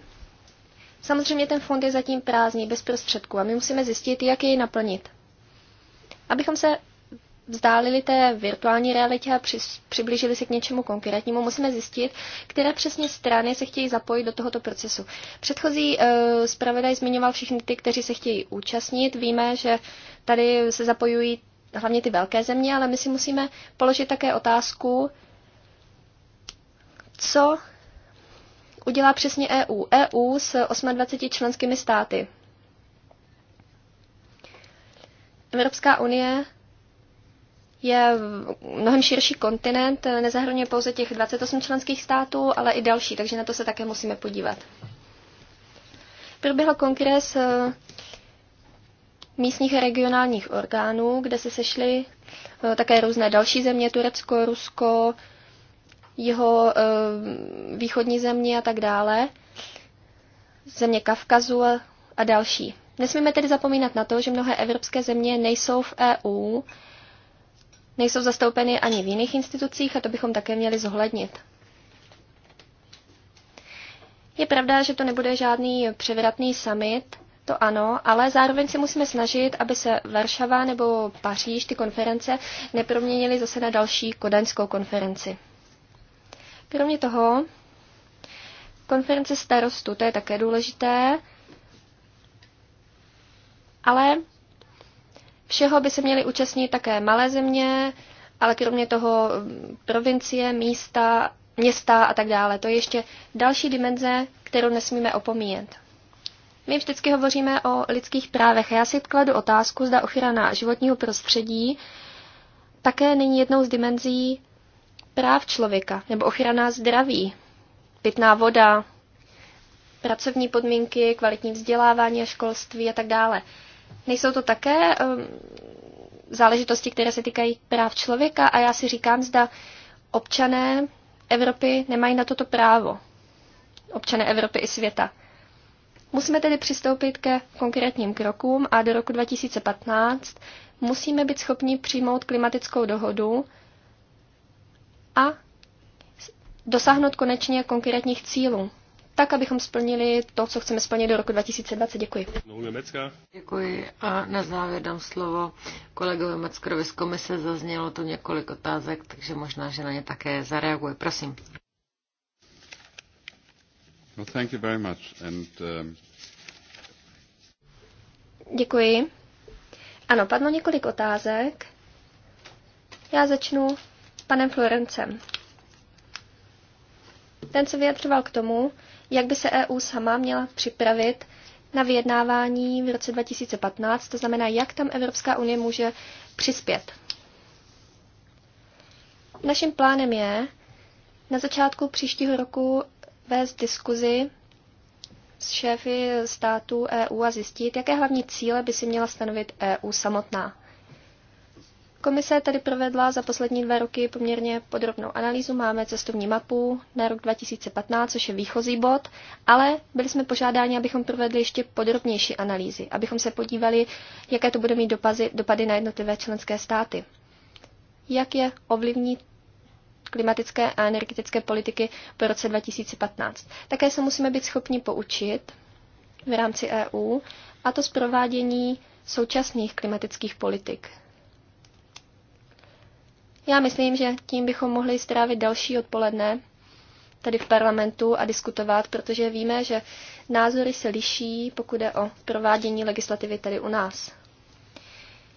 Samozřejmě ten fond je zatím prázdný, bez prostředků a my musíme zjistit, jak jej naplnit. Abychom se vzdálili té virtuální realitě a při, přiblížili se k něčemu konkrétnímu, musíme zjistit, které přesně strany se chtějí zapojit do tohoto procesu. Předchozí uh, zpravodaj zmiňoval všechny ty, kteří se chtějí účastnit. Víme, že tady se zapojují hlavně ty velké země, ale my si musíme položit také otázku, co udělá přesně EU. EU s 28 členskými státy. Evropská unie je mnohem širší kontinent, eh, nezahrnuje pouze těch 28 členských států, ale i další, takže na to se také musíme podívat. Proběhl kongres eh, místních a regionálních orgánů, kde se sešly eh, také různé další země, Turecko, Rusko, jeho východní země a tak dále, země Kavkazu a další. Nesmíme tedy zapomínat na to, že mnohé evropské země nejsou v EU nejsou zastoupeny ani v jiných institucích a to bychom také měli zohlednit. Je pravda, že to nebude žádný převratný summit, to ano, ale zároveň se musíme snažit, aby se Varšava nebo Paříž, ty konference, neproměnily zase na další kodaňskou konferenci. Kromě toho, konference starostu to je také důležité, ale Všeho by se měly účastnit také malé země, ale kromě toho provincie, místa, města a tak dále. To je ještě další dimenze, kterou nesmíme opomíjet. My vždycky hovoříme o lidských právech. Já si kladu otázku, zda ochrana životního prostředí také není jednou z dimenzí práv člověka, nebo ochrana zdraví, pitná voda, pracovní podmínky, kvalitní vzdělávání a školství a tak dále. Nejsou to také ehm, záležitosti, které se týkají práv člověka a já si říkám, zda občané Evropy nemají na toto právo. Občané Evropy i světa. Musíme tedy přistoupit ke konkrétním krokům a do roku 2015 musíme být schopni přijmout klimatickou dohodu a dosáhnout konečně konkrétních cílů tak abychom splnili to, co chceme splnit do roku 2020. Děkuji. Děkuji a na závěr dám slovo kolegovi Mackerovi z komise. Zaznělo tu několik otázek, takže možná, že na ně také zareaguje. Prosím. Well, thank you very much. And, um... Děkuji. Ano, padlo několik otázek. Já začnu panem Florencem. Ten se vyjadřoval k tomu, jak by se EU sama měla připravit na vyjednávání v roce 2015, to znamená, jak tam Evropská unie může přispět. Naším plánem je na začátku příštího roku vést diskuzi s šéfy států EU a zjistit, jaké hlavní cíle by si měla stanovit EU samotná. Komise tady provedla za poslední dva roky poměrně podrobnou analýzu. Máme cestovní mapu na rok 2015, což je výchozí bod, ale byli jsme požádáni, abychom provedli ještě podrobnější analýzy, abychom se podívali, jaké to bude mít dopazy, dopady na jednotlivé členské státy. Jak je ovlivní klimatické a energetické politiky po roce 2015. Také se musíme být schopni poučit v rámci EU, a to z provádění současných klimatických politik. Já myslím, že tím bychom mohli strávit další odpoledne tady v parlamentu a diskutovat, protože víme, že názory se liší, pokud je o provádění legislativy tady u nás.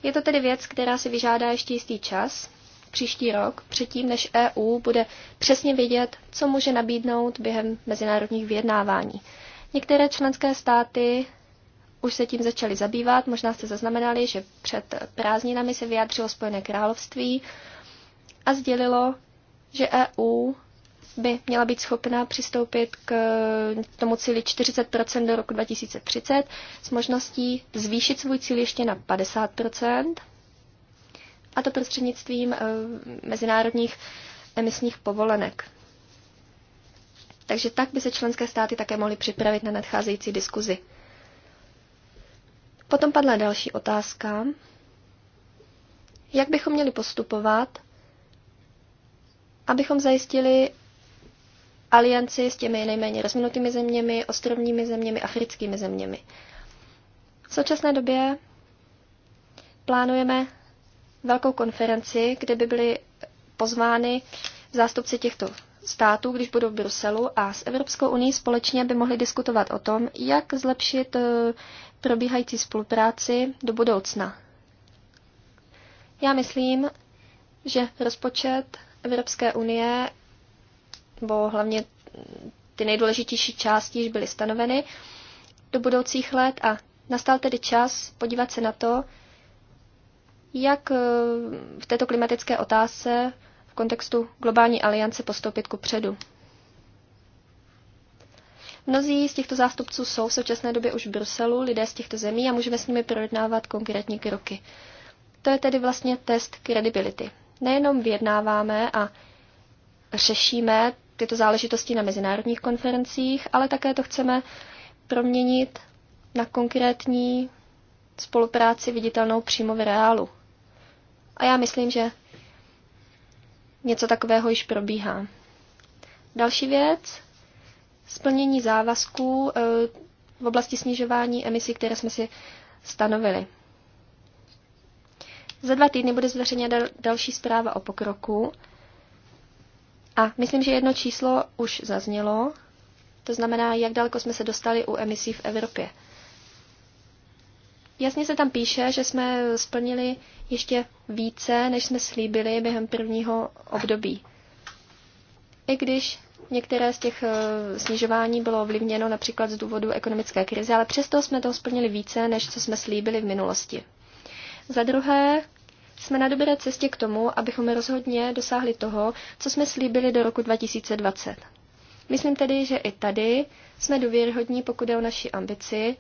Je to tedy věc, která si vyžádá ještě jistý čas, příští rok, předtím než EU bude přesně vědět, co může nabídnout během mezinárodních vyjednávání. Některé členské státy už se tím začaly zabývat, možná jste zaznamenali, že před prázdninami se vyjádřilo Spojené království a sdělilo, že EU by měla být schopná přistoupit k tomu cíli 40 do roku 2030 s možností zvýšit svůj cíl ještě na 50 a to prostřednictvím eh, mezinárodních emisních povolenek. Takže tak by se členské státy také mohly připravit na nadcházející diskuzi. Potom padla další otázka. Jak bychom měli postupovat, abychom zajistili alianci s těmi nejméně rozvinutými zeměmi, ostrovními zeměmi, africkými zeměmi. V současné době plánujeme velkou konferenci, kde by byly pozvány zástupci těchto států, když budou v Bruselu a s Evropskou unii společně by mohli diskutovat o tom, jak zlepšit eh, probíhající spolupráci do budoucna. Já myslím, že rozpočet Evropské unie, nebo hlavně ty nejdůležitější části již byly stanoveny do budoucích let a nastal tedy čas podívat se na to, jak eh, v této klimatické otázce v kontextu globální aliance postoupit ku předu. Mnozí z těchto zástupců jsou v současné době už v Bruselu, lidé z těchto zemí a můžeme s nimi projednávat konkrétní kroky. To je tedy vlastně test kredibility nejenom vyjednáváme a řešíme tyto záležitosti na mezinárodních konferencích, ale také to chceme proměnit na konkrétní spolupráci viditelnou přímo v reálu. A já myslím, že něco takového již probíhá. Další věc, splnění závazků eh, v oblasti snižování emisí, které jsme si stanovili. Za dva týdny bude zveřejněna dal- další zpráva o pokroku. A myslím, že jedno číslo už zaznělo. To znamená, jak daleko jsme se dostali u emisí v Evropě. Jasně se tam píše, že jsme splnili ještě více, než jsme slíbili během prvního období. I když některé z těch eh, snižování bylo ovlivněno například z důvodu ekonomické krize, ale přesto jsme toho splnili více, než co jsme slíbili v minulosti. Za druhé, jsme na dobré cestě k tomu, abychom rozhodně dosáhli toho, co jsme slíbili do roku 2020. Myslím tedy, že i tady jsme důvěryhodní, pokud je o naši ambici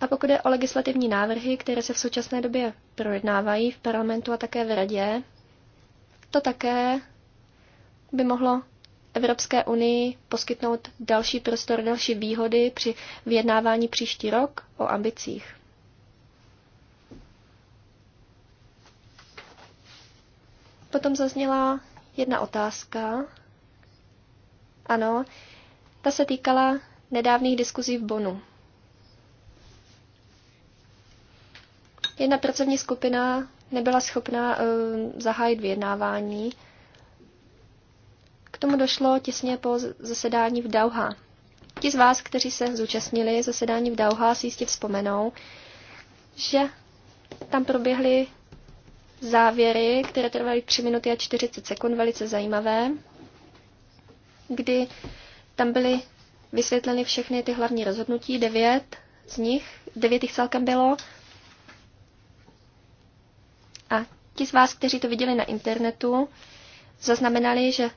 a pokud je o legislativní návrhy, které se v současné době projednávají v parlamentu a také v radě, to také by mohlo Evropské unii poskytnout další prostor, další výhody při vyjednávání příští rok o ambicích. Potom zazněla jedna otázka. Ano, ta se týkala nedávných diskuzí v Bonu. Jedna pracovní skupina nebyla schopná uh, zahájit vyjednávání. K tomu došlo těsně po zasedání v Dauha. Ti z vás, kteří se zúčastnili zasedání v Dauha, si jistě vzpomenou, že tam proběhly závěry, které trvaly 3 minuty a 40 sekund, velice zajímavé, kdy tam byly vysvětleny všechny ty hlavní rozhodnutí, devět z nich, devět jich celkem bylo. A ti z vás, kteří to viděli na internetu, zaznamenali, že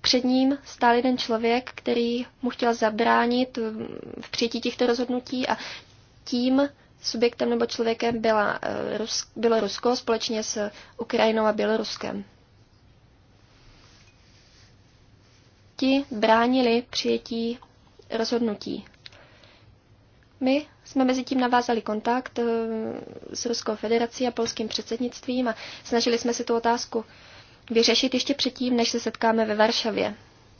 před ním stál jeden člověk, který mu chtěl zabránit v přijetí těchto rozhodnutí a tím subjektem nebo člověkem byla, eh, Rus, bylo Rusko společně s Ukrajinou a Běloruskem. Ti bránili přijetí rozhodnutí. My jsme mezi tím navázali kontakt eh, s Ruskou federací a polským předsednictvím a snažili jsme se tu otázku vyřešit ještě předtím, než se setkáme ve Varšavě.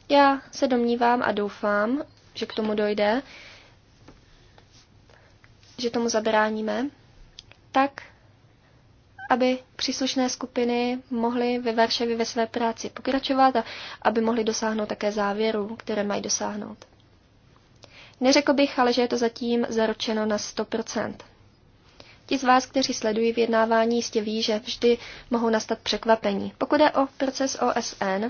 Já se domnívám a doufám, že k tomu dojde, že tomu zabráníme, tak aby příslušné skupiny mohly ve Varšavě ve své práci pokračovat a aby mohly dosáhnout také závěru, které mají dosáhnout. Neřekl bych ale, že je to zatím zaručeno na 100%. Ti z vás, kteří sledují vyjednávání, jistě ví, že vždy mohou nastat překvapení. Pokud je o proces OSN,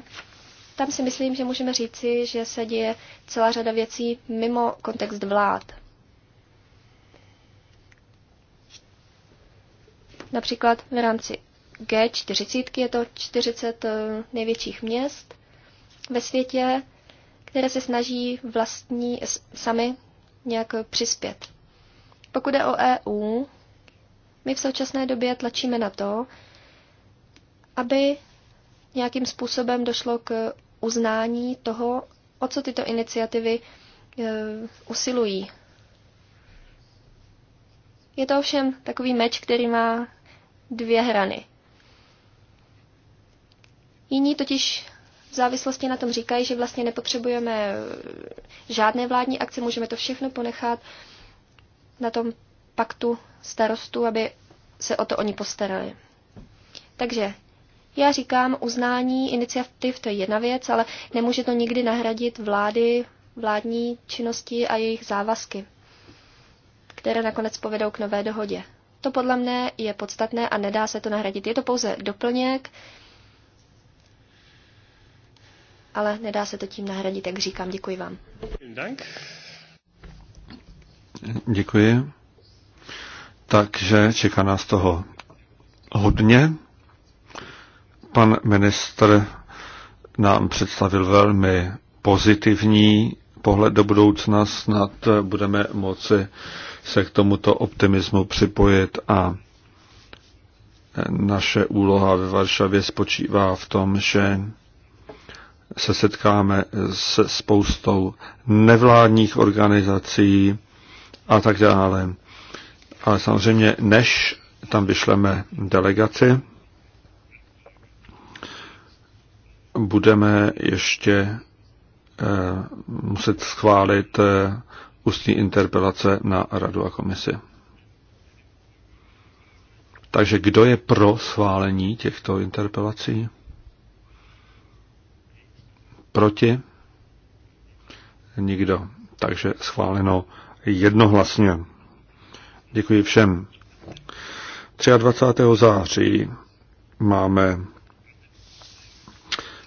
tam si myslím, že můžeme říci, že se děje celá řada věcí mimo kontext vlád. Například v rámci G40 je to 40 eh, největších měst ve světě, které se snaží vlastní sami nějak přispět. Pokud je o EU, my v současné době tlačíme na to, aby nějakým způsobem došlo k uznání toho, o co tyto iniciativy eh, usilují. Je to ovšem takový meč, který má dvě hrany. Jiní totiž v závislosti na tom říkají, že vlastně nepotřebujeme žádné vládní akce, můžeme to všechno ponechat na tom paktu starostů, aby se o to oni postarali. Takže já říkám, uznání iniciativ to je jedna věc, ale nemůže to nikdy nahradit vlády, vládní činnosti a jejich závazky, které nakonec povedou k nové dohodě. To podle mne je podstatné a nedá se to nahradit. Je to pouze doplněk, ale nedá se to tím nahradit, jak říkám. Děkuji vám. Děkuji. Takže čeká nás toho hodně. Pan ministr nám představil velmi pozitivní pohled do budoucna, snad budeme moci se k tomuto optimismu připojit a naše úloha ve Varšavě spočívá v tom, že se setkáme se spoustou nevládních organizací a tak dále. Ale samozřejmě, než tam vyšleme delegaci, budeme ještě eh, muset schválit eh, ústní interpelace na radu a komisi. Takže kdo je pro schválení těchto interpelací? Proti? Nikdo. Takže schváleno jednohlasně. Děkuji všem. 23. září máme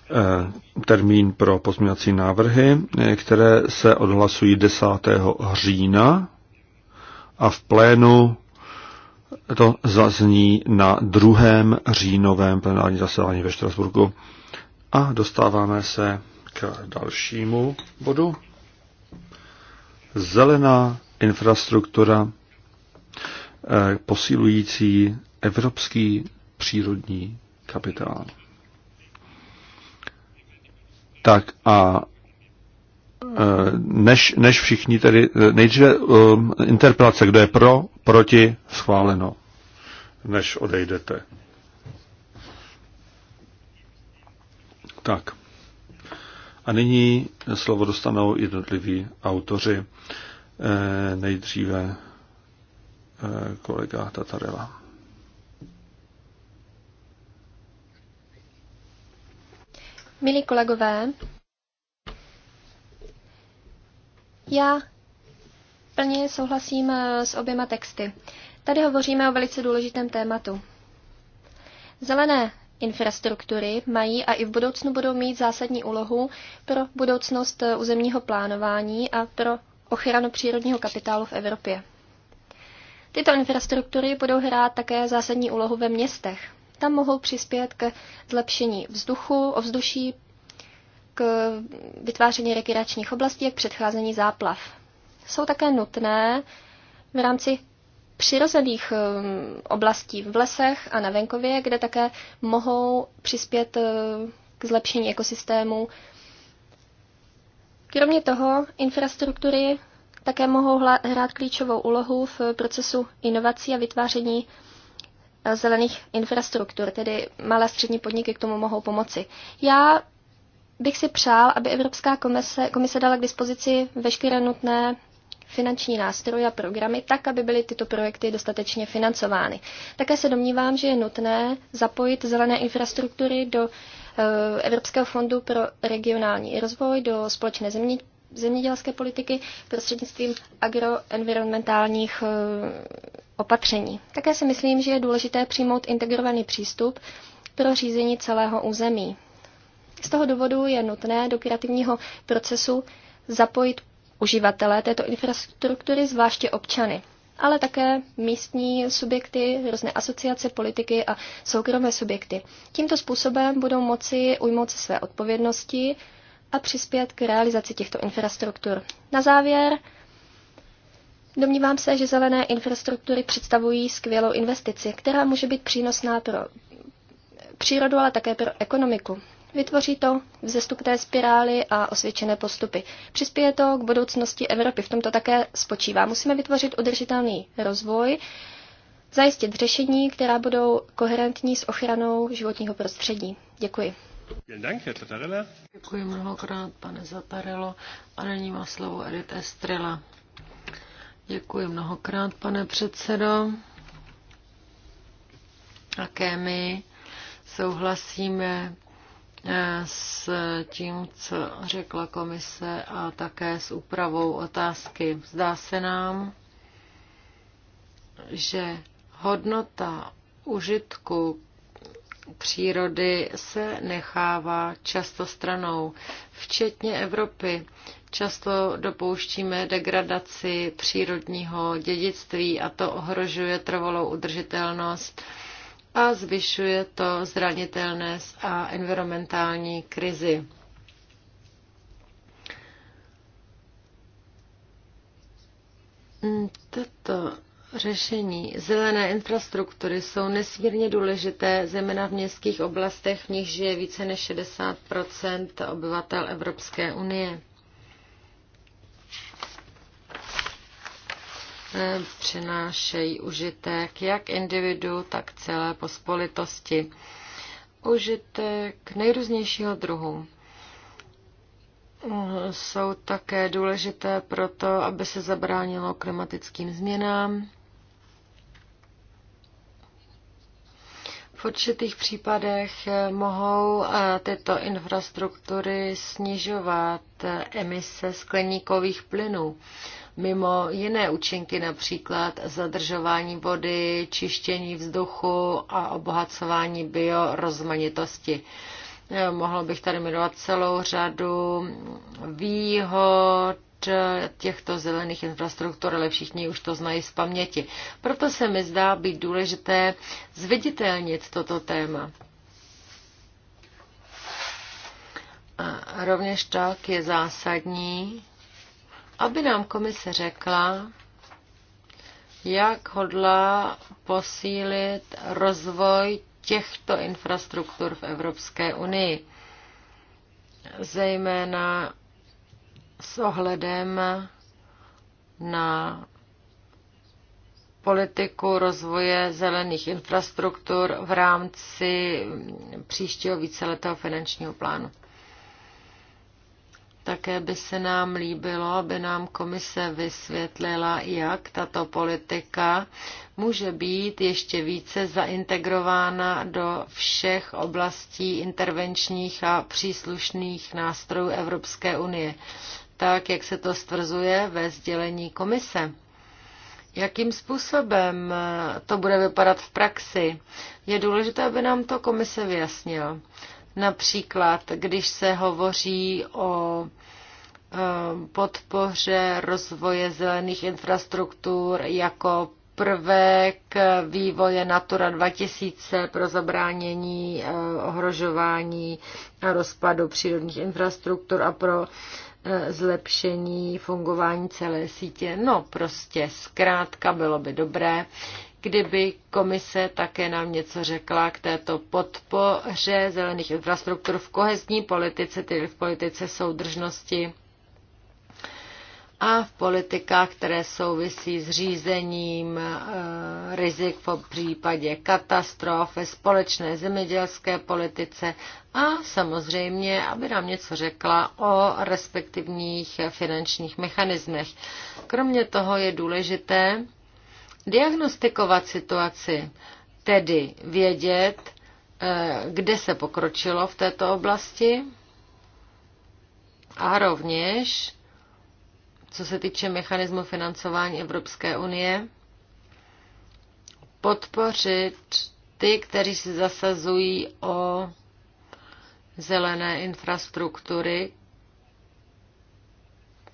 Eh, termín pro pozměňovací návrhy, eh, které se odhlasují 10. října a v plénu to zazní na druhém říjnovém plenárním zasedání ve Štrasburgu. A dostáváme se k dalšímu bodu. Zelená infrastruktura eh, posilující evropský přírodní kapitál. Tak a e, než, než všichni tedy, e, nejdříve um, interpelace, kdo je pro, proti, schváleno, než odejdete. Tak. A nyní slovo dostanou jednotliví autoři. E, nejdříve e, kolega Tatarela. Milí kolegové, já plně souhlasím eh, s oběma texty. Tady hovoříme o velice důležitém tématu. Zelené infrastruktury mají a i v budoucnu budou mít zásadní úlohu pro budoucnost eh, územního plánování a pro ochranu přírodního kapitálu v Evropě. Tyto infrastruktury budou hrát také zásadní úlohu ve městech. Tam mohou přispět k zlepšení vzduchu, ovzduší, k vytváření rekreačních oblastí a k předcházení záplav. Jsou také nutné v rámci přirozených um, oblastí v lesech a na venkově, kde také mohou přispět uh, k zlepšení ekosystému. Kromě toho infrastruktury také mohou hrát klíčovou úlohu v procesu inovací a vytváření Eh, zelených infrastruktur, tedy malé a střední podniky k tomu mohou pomoci. Já bych si přál, aby Evropská komise, komise dala k dispozici veškeré nutné finanční nástroje a programy tak, aby byly tyto projekty dostatečně financovány. Také se domnívám, že je nutné zapojit zelené infrastruktury do eh, Evropského fondu pro regionální rozvoj, do společné země, zemědělské politiky prostřednictvím agroenvironmentálních eh, opatření. Také si myslím, že je důležité přijmout integrovaný přístup pro řízení celého území. Z toho důvodu je nutné do kreativního procesu zapojit uživatele této infrastruktury, zvláště občany, ale také místní subjekty, různé asociace politiky a soukromé subjekty. Tímto způsobem budou moci ujmout se své odpovědnosti a přispět k realizaci těchto infrastruktur. Na závěr Domnívám se, že zelené infrastruktury představují skvělou investici, která může být přínosná pro přírodu, ale také pro ekonomiku. Vytvoří to vzestupné spirály a osvědčené postupy. Přispěje to k budoucnosti Evropy, v tomto také spočívá. Musíme vytvořit udržitelný rozvoj, zajistit řešení, která budou koherentní s ochranou životního prostředí. Děkuji. Děkuji mnohokrát, pane Zaparelo. A nyní má slovo Edith Estrela. Děkuji mnohokrát, pane předsedo. Také my souhlasíme eh, s tím, co řekla komise a také s úpravou otázky. Zdá se nám, že hodnota užitku přírody se nechává často stranou, včetně Evropy. Často dopouštíme degradaci přírodního dědictví a to ohrožuje trvalou udržitelnost a zvyšuje to zranitelnost a environmentální krizi. Hmm, toto řešení zelené infrastruktury jsou nesmírně důležité, zejména v městských oblastech, v nich žije více než 60 obyvatel Evropské unie. E, přinášejí užitek jak individu, tak celé pospolitosti. Užitek nejrůznějšího druhu. Jsou také důležité proto, aby se zabránilo klimatickým změnám určitých případech eh, mohou eh, tyto infrastruktury snižovat eh, emise skleníkových plynů. Mimo jiné účinky například zadržování vody, čištění vzduchu a obohacování biorozmanitosti. Mohl bych tady jmenovat celou řadu výhod těchto zelených infrastruktur, ale všichni už to znají z paměti. Proto se mi zdá být důležité zviditelnit toto téma. A rovněž tak je zásadní, aby nám komise řekla, jak hodlá posílit rozvoj těchto infrastruktur v Evropské unii, zejména s ohledem na politiku rozvoje zelených infrastruktur v rámci příštího víceletého finančního plánu. Také by se nám líbilo, aby nám komise vysvětlila, jak tato politika může být ještě více zaintegrována do všech oblastí intervenčních a příslušných nástrojů Evropské unie tak jak se to stvrzuje ve sdělení komise. Jakým způsobem to bude vypadat v praxi? Je důležité, aby nám to komise vyjasnila. Například, když se hovoří o e, podpoře rozvoje zelených infrastruktur jako prvek vývoje Natura 2000 pro zabránění e, ohrožování a rozpadu přírodních infrastruktur a pro E, zlepšení fungování celé sítě. No prostě zkrátka bylo by dobré, kdyby komise také nám něco řekla k této podpoře zelených infrastruktur v kohezní politice, tedy v politice soudržnosti a v politikách, které souvisí s řízením eh, rizik v případě katastrof, ve společné zemědělské politice a samozřejmě, aby nám něco řekla o respektivních finančních mechanismech. Kromě toho je důležité diagnostikovat situaci, tedy vědět, eh, kde se pokročilo v této oblasti a rovněž co se týče mechanismu financování Evropské unie, podpořit ty, kteří se zasazují o zelené infrastruktury.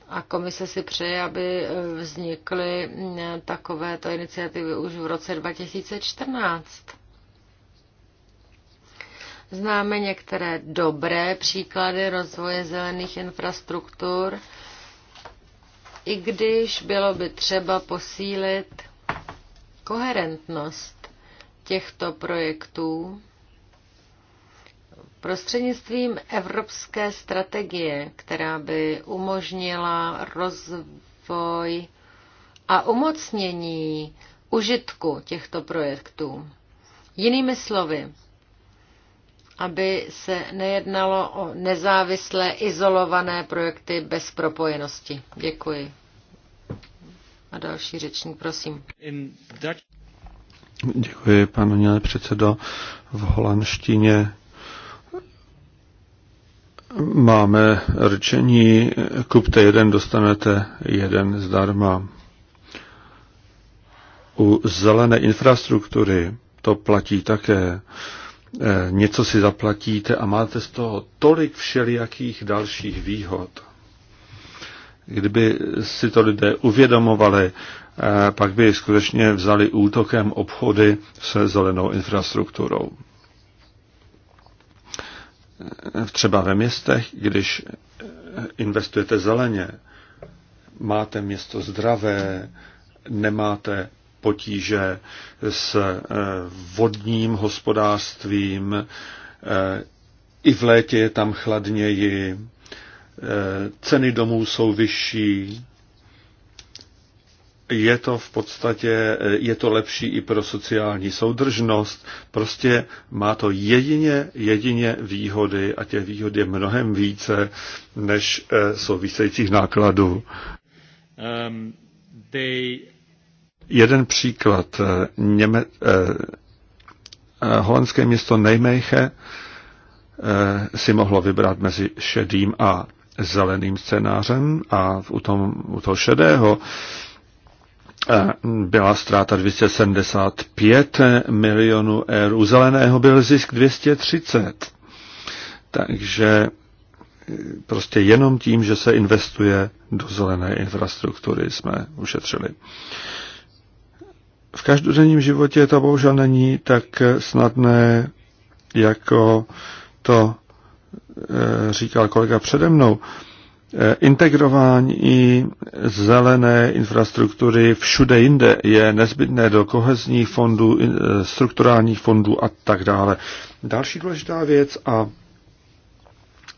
A komise si přeje, aby eh, vznikly eh, takovéto iniciativy už v roce 2014. Známe některé dobré příklady rozvoje zelených infrastruktur i když bylo by třeba posílit koherentnost těchto projektů prostřednictvím evropské strategie, která by umožnila rozvoj a umocnění užitku těchto projektů. Jinými slovy, aby se nejednalo o nezávislé, izolované projekty bez propojenosti. Děkuji. A další řečník, prosím. Děkuji, pane předsedo. V holandštině máme řečení, kupte jeden, dostanete jeden zdarma. U zelené infrastruktury to platí také. Eh, něco si zaplatíte a máte z toho tolik všelijakých dalších výhod. Kdyby si to lidé uvědomovali, eh, pak by skutečně vzali útokem obchody se zelenou infrastrukturou. Eh, třeba ve městech, když investujete zeleně, máte město zdravé, nemáte potíže s eh, vodním hospodářstvím. Eh, I v létě je tam chladněji, eh, ceny domů jsou vyšší, je to v podstatě, je to lepší i pro sociální soudržnost. Prostě má to jedině, jedině výhody a těch výhod je mnohem více než souvisejících nákladů. Um, they Jeden příklad. Něme, eh, eh, holandské město Nejmejche eh, si mohlo vybrat mezi šedým a zeleným scénářem a u, tom, u toho šedého eh, byla ztráta 275 milionů eur, u zeleného byl zisk 230. Takže eh, prostě jenom tím, že se investuje do zelené infrastruktury, jsme ušetřili v každodenním životě to bohužel není tak snadné, jako to eh, říkal kolega přede mnou. Eh, integrování zelené infrastruktury všude jinde je nezbytné do kohezních fondů, eh, strukturálních fondů a tak dále. Další důležitá věc, a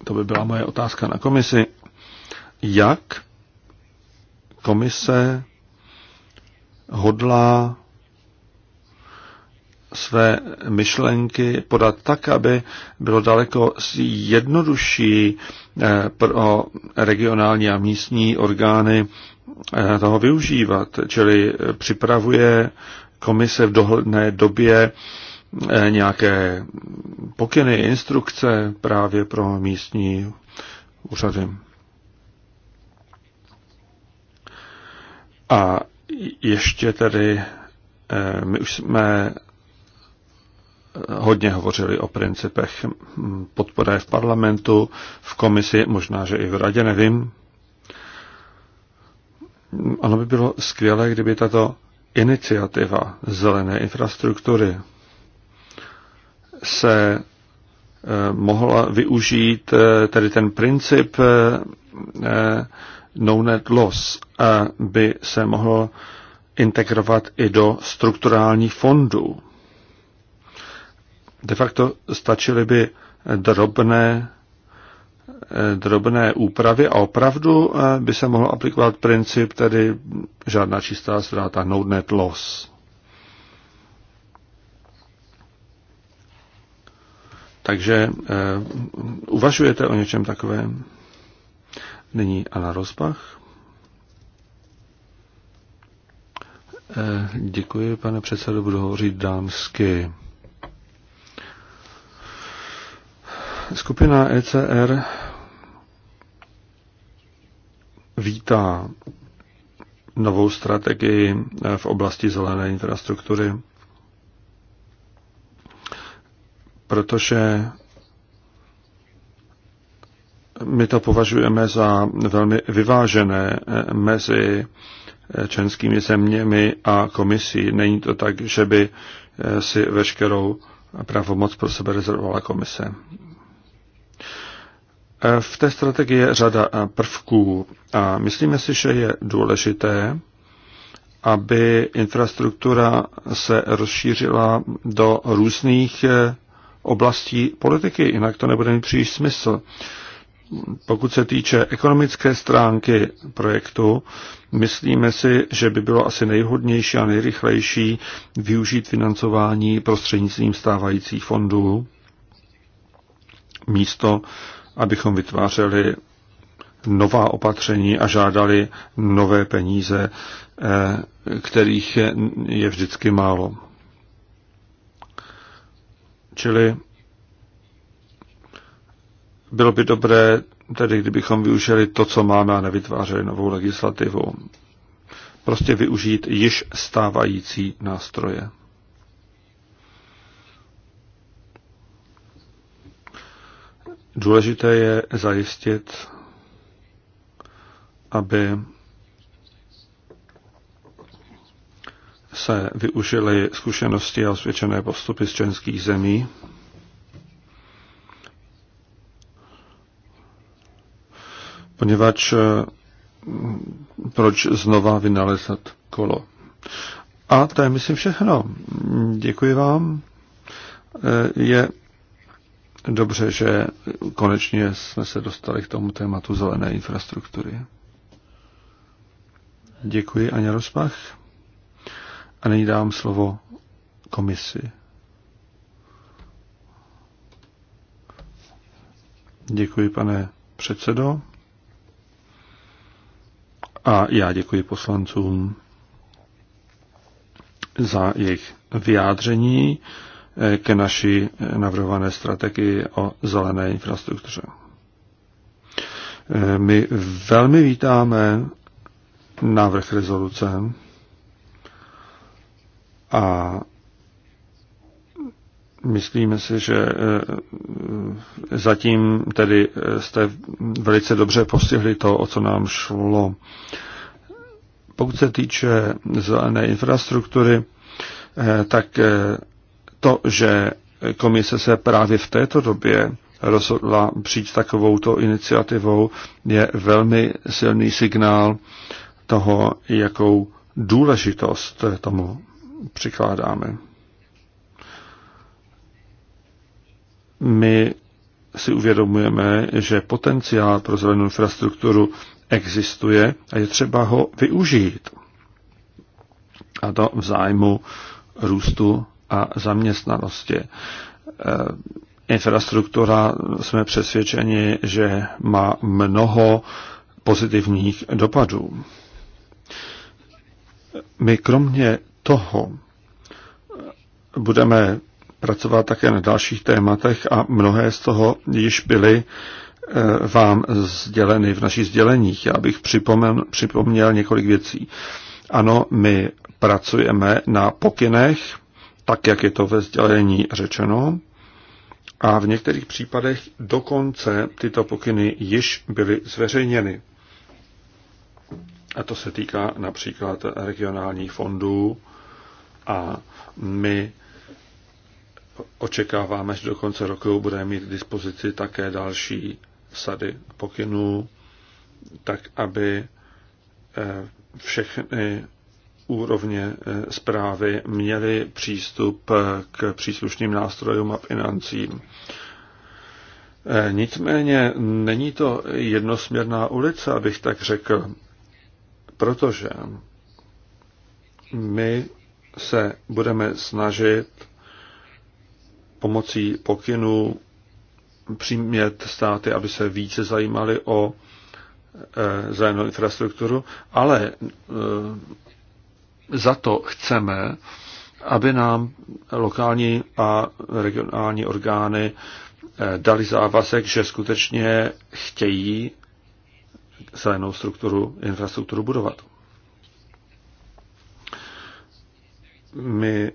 to by byla moje otázka na komisi, jak komise hodlá své myšlenky podat tak, aby bylo daleko jednodušší eh, pro regionální a místní orgány eh, toho využívat. Čili eh, připravuje komise v dohledné době nějaké pokyny, instrukce právě pro místní úřady. A ještě tedy my už jsme hodně hovořili o principech podpora v parlamentu, v komisi, možná, že i v radě, nevím. Ono by bylo skvělé, kdyby tato iniciativa zelené infrastruktury se eh, mohla využít eh, tedy ten princip eh, no net loss, by se mohl integrovat i do strukturálních fondů De facto stačily by drobné, drobné úpravy a opravdu eh, by se mohl aplikovat princip tedy žádná čistá ztráta, no net loss. Takže uh, uvažujete o něčem takovém? Nyní na rozpach. Uh, eh, děkuji, pane předsedo, budu hovořit dámsky. Skupina ECR vítá novou strategii eh, v oblasti zelené infrastruktury, protože my to považujeme za velmi vyvážené eh, mezi eh, členskými zeměmi a komisí. Není to tak, že by si veškerou pravomoc pro sebe rezervovala komise. V té strategii je řada prvků a myslíme si, že je důležité, aby infrastruktura se rozšířila do různých eh, oblastí politiky, jinak to nebude mít příliš smysl. Pokud se týče ekonomické stránky projektu, myslíme si, že by bylo asi nejhodnější a nejrychlejší využít financování prostřednictvím stávajících fondů místo abychom vytvářeli nová opatření a žádali nové peníze, eh, kterých je, je vždycky málo. Čili bylo by dobré, tedy kdybychom využili to, co máme a nevytvářeli novou legislativu. Prostě využít již stávající nástroje. Důležité je zajistit, aby se využily zkušenosti a osvědčené postupy z členských zemí. Poněvadž eh, proč znova vynalezat kolo? A to je, myslím, všechno. Děkuji vám. Eh, je dobře, že konečně jsme se dostali k tomu tématu zelené infrastruktury. Děkuji, Aně Rozpach. A nyní dám slovo komisi. Děkuji, pane předsedo. A já děkuji poslancům za jejich vyjádření ke naší navrhované strategii o zelené infrastruktuře. My velmi vítáme návrh rezoluce a myslíme si, že eh, zatím tedy eh, jste velice dobře postihli to, o co nám šlo. Pokud se týče zelené infrastruktury, eh, tak to, že komise se právě v této době rozhodla přijít takovouto iniciativou, je velmi silný signál toho, jakou důležitost tomu přikládáme. My si uvědomujeme, že potenciál pro zelenou infrastrukturu existuje a je třeba ho využít. A to v zájmu růstu a zaměstnanosti. Eh, infrastruktura jsme přesvědčeni, že má mnoho pozitivních dopadů. My kromě toho budeme pracovat také na dalších tématech a mnohé z toho již byly eh, vám sděleny v našich sděleních. Já bych připomen, připomněl několik věcí. Ano, my pracujeme na pokynech, tak jak je to ve sdělení řečeno, a v některých případech dokonce tyto pokyny již byly zveřejněny. A to se týká například regionálních fondů a my očekáváme, že do konce roku budeme mít k dispozici také další sady pokynů, tak aby eh, všechny úrovně eh, zprávy měli přístup eh, k příslušným nástrojům a financím. Eh, nicméně není to jednosměrná ulice, abych tak řekl, protože my se budeme snažit pomocí pokynů přimět státy, aby se více zajímali o zájemnou infrastrukturu, ale za to chceme, aby nám lokální a regionální orgány eh, dali závazek, že skutečně chtějí zelenou strukturu, infrastrukturu budovat. My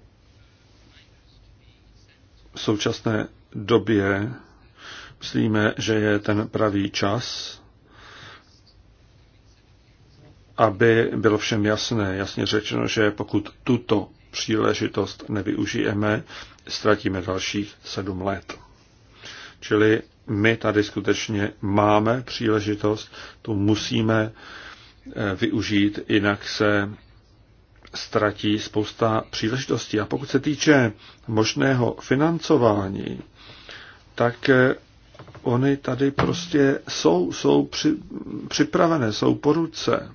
v současné době myslíme, že je ten pravý čas aby bylo všem jasné, jasně řečeno, že pokud tuto příležitost nevyužijeme, ztratíme dalších sedm let. Čili my tady skutečně máme příležitost, tu musíme eh, využít, jinak se ztratí spousta příležitostí. A pokud se týče možného financování, tak eh, oni tady prostě jsou, jsou při, připravené, jsou po ruce.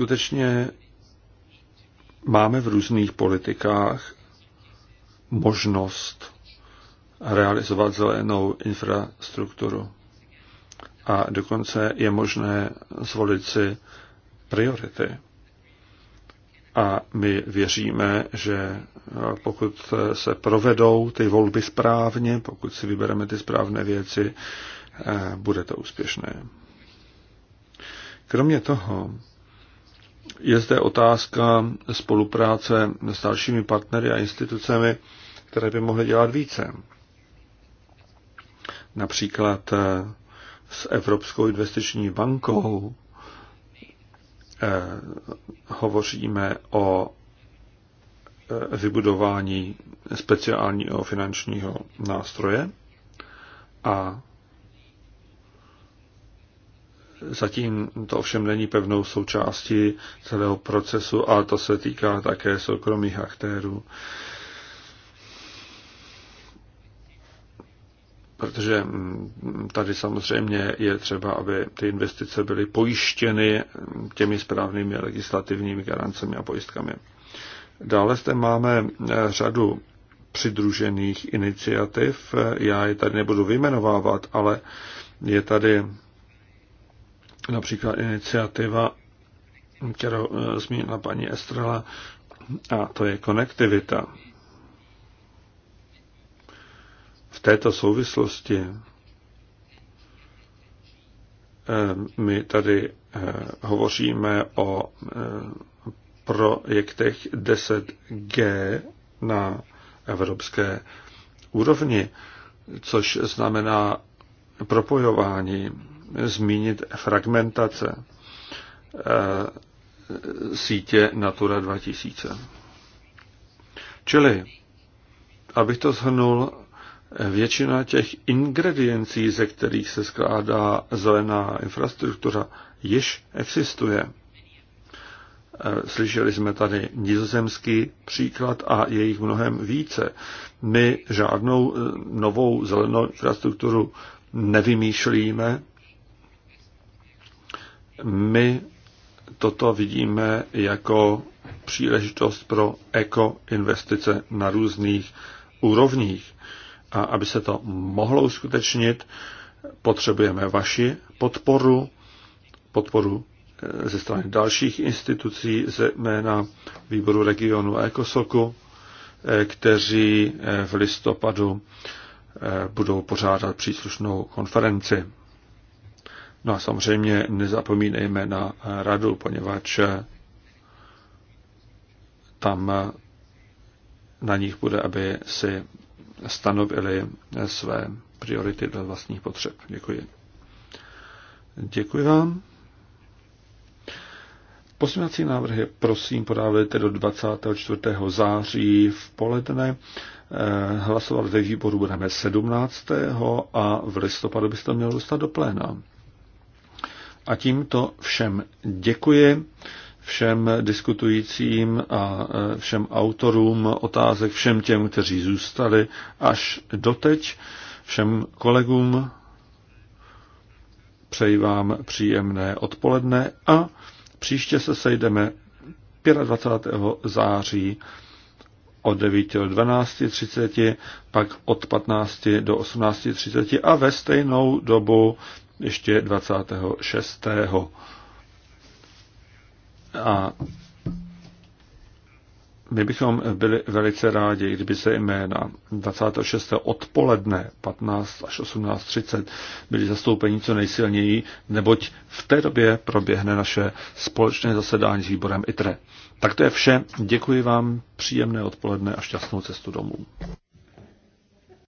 skutečně máme v různých politikách možnost realizovat zelenou infrastrukturu. A dokonce je možné zvolit si priority. A my věříme, že pokud se provedou ty volby správně, pokud si vybereme ty správné věci, eh, bude to úspěšné. Kromě toho je zde otázka spolupráce s dalšími partnery a institucemi, které by mohly dělat více. Například eh, s Evropskou investiční bankou eh, hovoříme o eh, vybudování speciálního finančního nástroje a Zatím to ovšem není pevnou součástí celého procesu a to se týká také soukromých aktérů. Protože mm, tady samozřejmě je třeba, aby ty investice byly pojištěny těmi správnými legislativními garancemi a pojistkami. Dále zde máme eh, řadu přidružených iniciativ. Já je tady nebudu vyjmenovávat, ale je tady například iniciativa, kterou eh, zmínila paní Estrela, a to je konektivita. V této souvislosti eh, my tady eh, hovoříme o projektech 10G na evropské úrovni, což znamená propojování zmínit fragmentace eh, sítě Natura 2000. Čili, abych to shrnul, většina těch ingrediencí, ze kterých se skládá zelená infrastruktura, již existuje. Eh, slyšeli jsme tady nizozemský příklad a je jich mnohem více. My žádnou eh, novou zelenou infrastrukturu nevymýšlíme, my toto vidíme jako příležitost pro ekoinvestice na různých úrovních. A aby se to mohlo uskutečnit, potřebujeme vaši podporu, podporu eh, ze strany dalších institucí, zejména výboru regionu a Ekosoku, eh, kteří eh, v listopadu budou pořádat příslušnou konferenci. No a samozřejmě nezapomínejme na radu, poněvadž tam na nich bude, aby si stanovili své priority dle vlastních potřeb. Děkuji. Děkuji vám. Posunací návrhy prosím podávejte do 24. září v poledne. Hlasovat ve výboru budeme 17. a v listopadu byste měl dostat do pléna. A tímto všem děkuji, všem diskutujícím a e, všem autorům otázek, všem těm, kteří zůstali až doteď, všem kolegům přeji vám příjemné odpoledne a příště se sejdeme 25. září od 9 do 12.30, pak od 15 do 18.30 a ve stejnou dobu ještě 26. A my bychom byli velice rádi, kdyby se jména 26. odpoledne 15 až 18.30 byly zastoupeni co nejsilněji, neboť v té době proběhne naše společné zasedání s výborem ITRE. Tak to je vše. Děkuji vám, příjemné odpoledne a šťastnou cestu domů.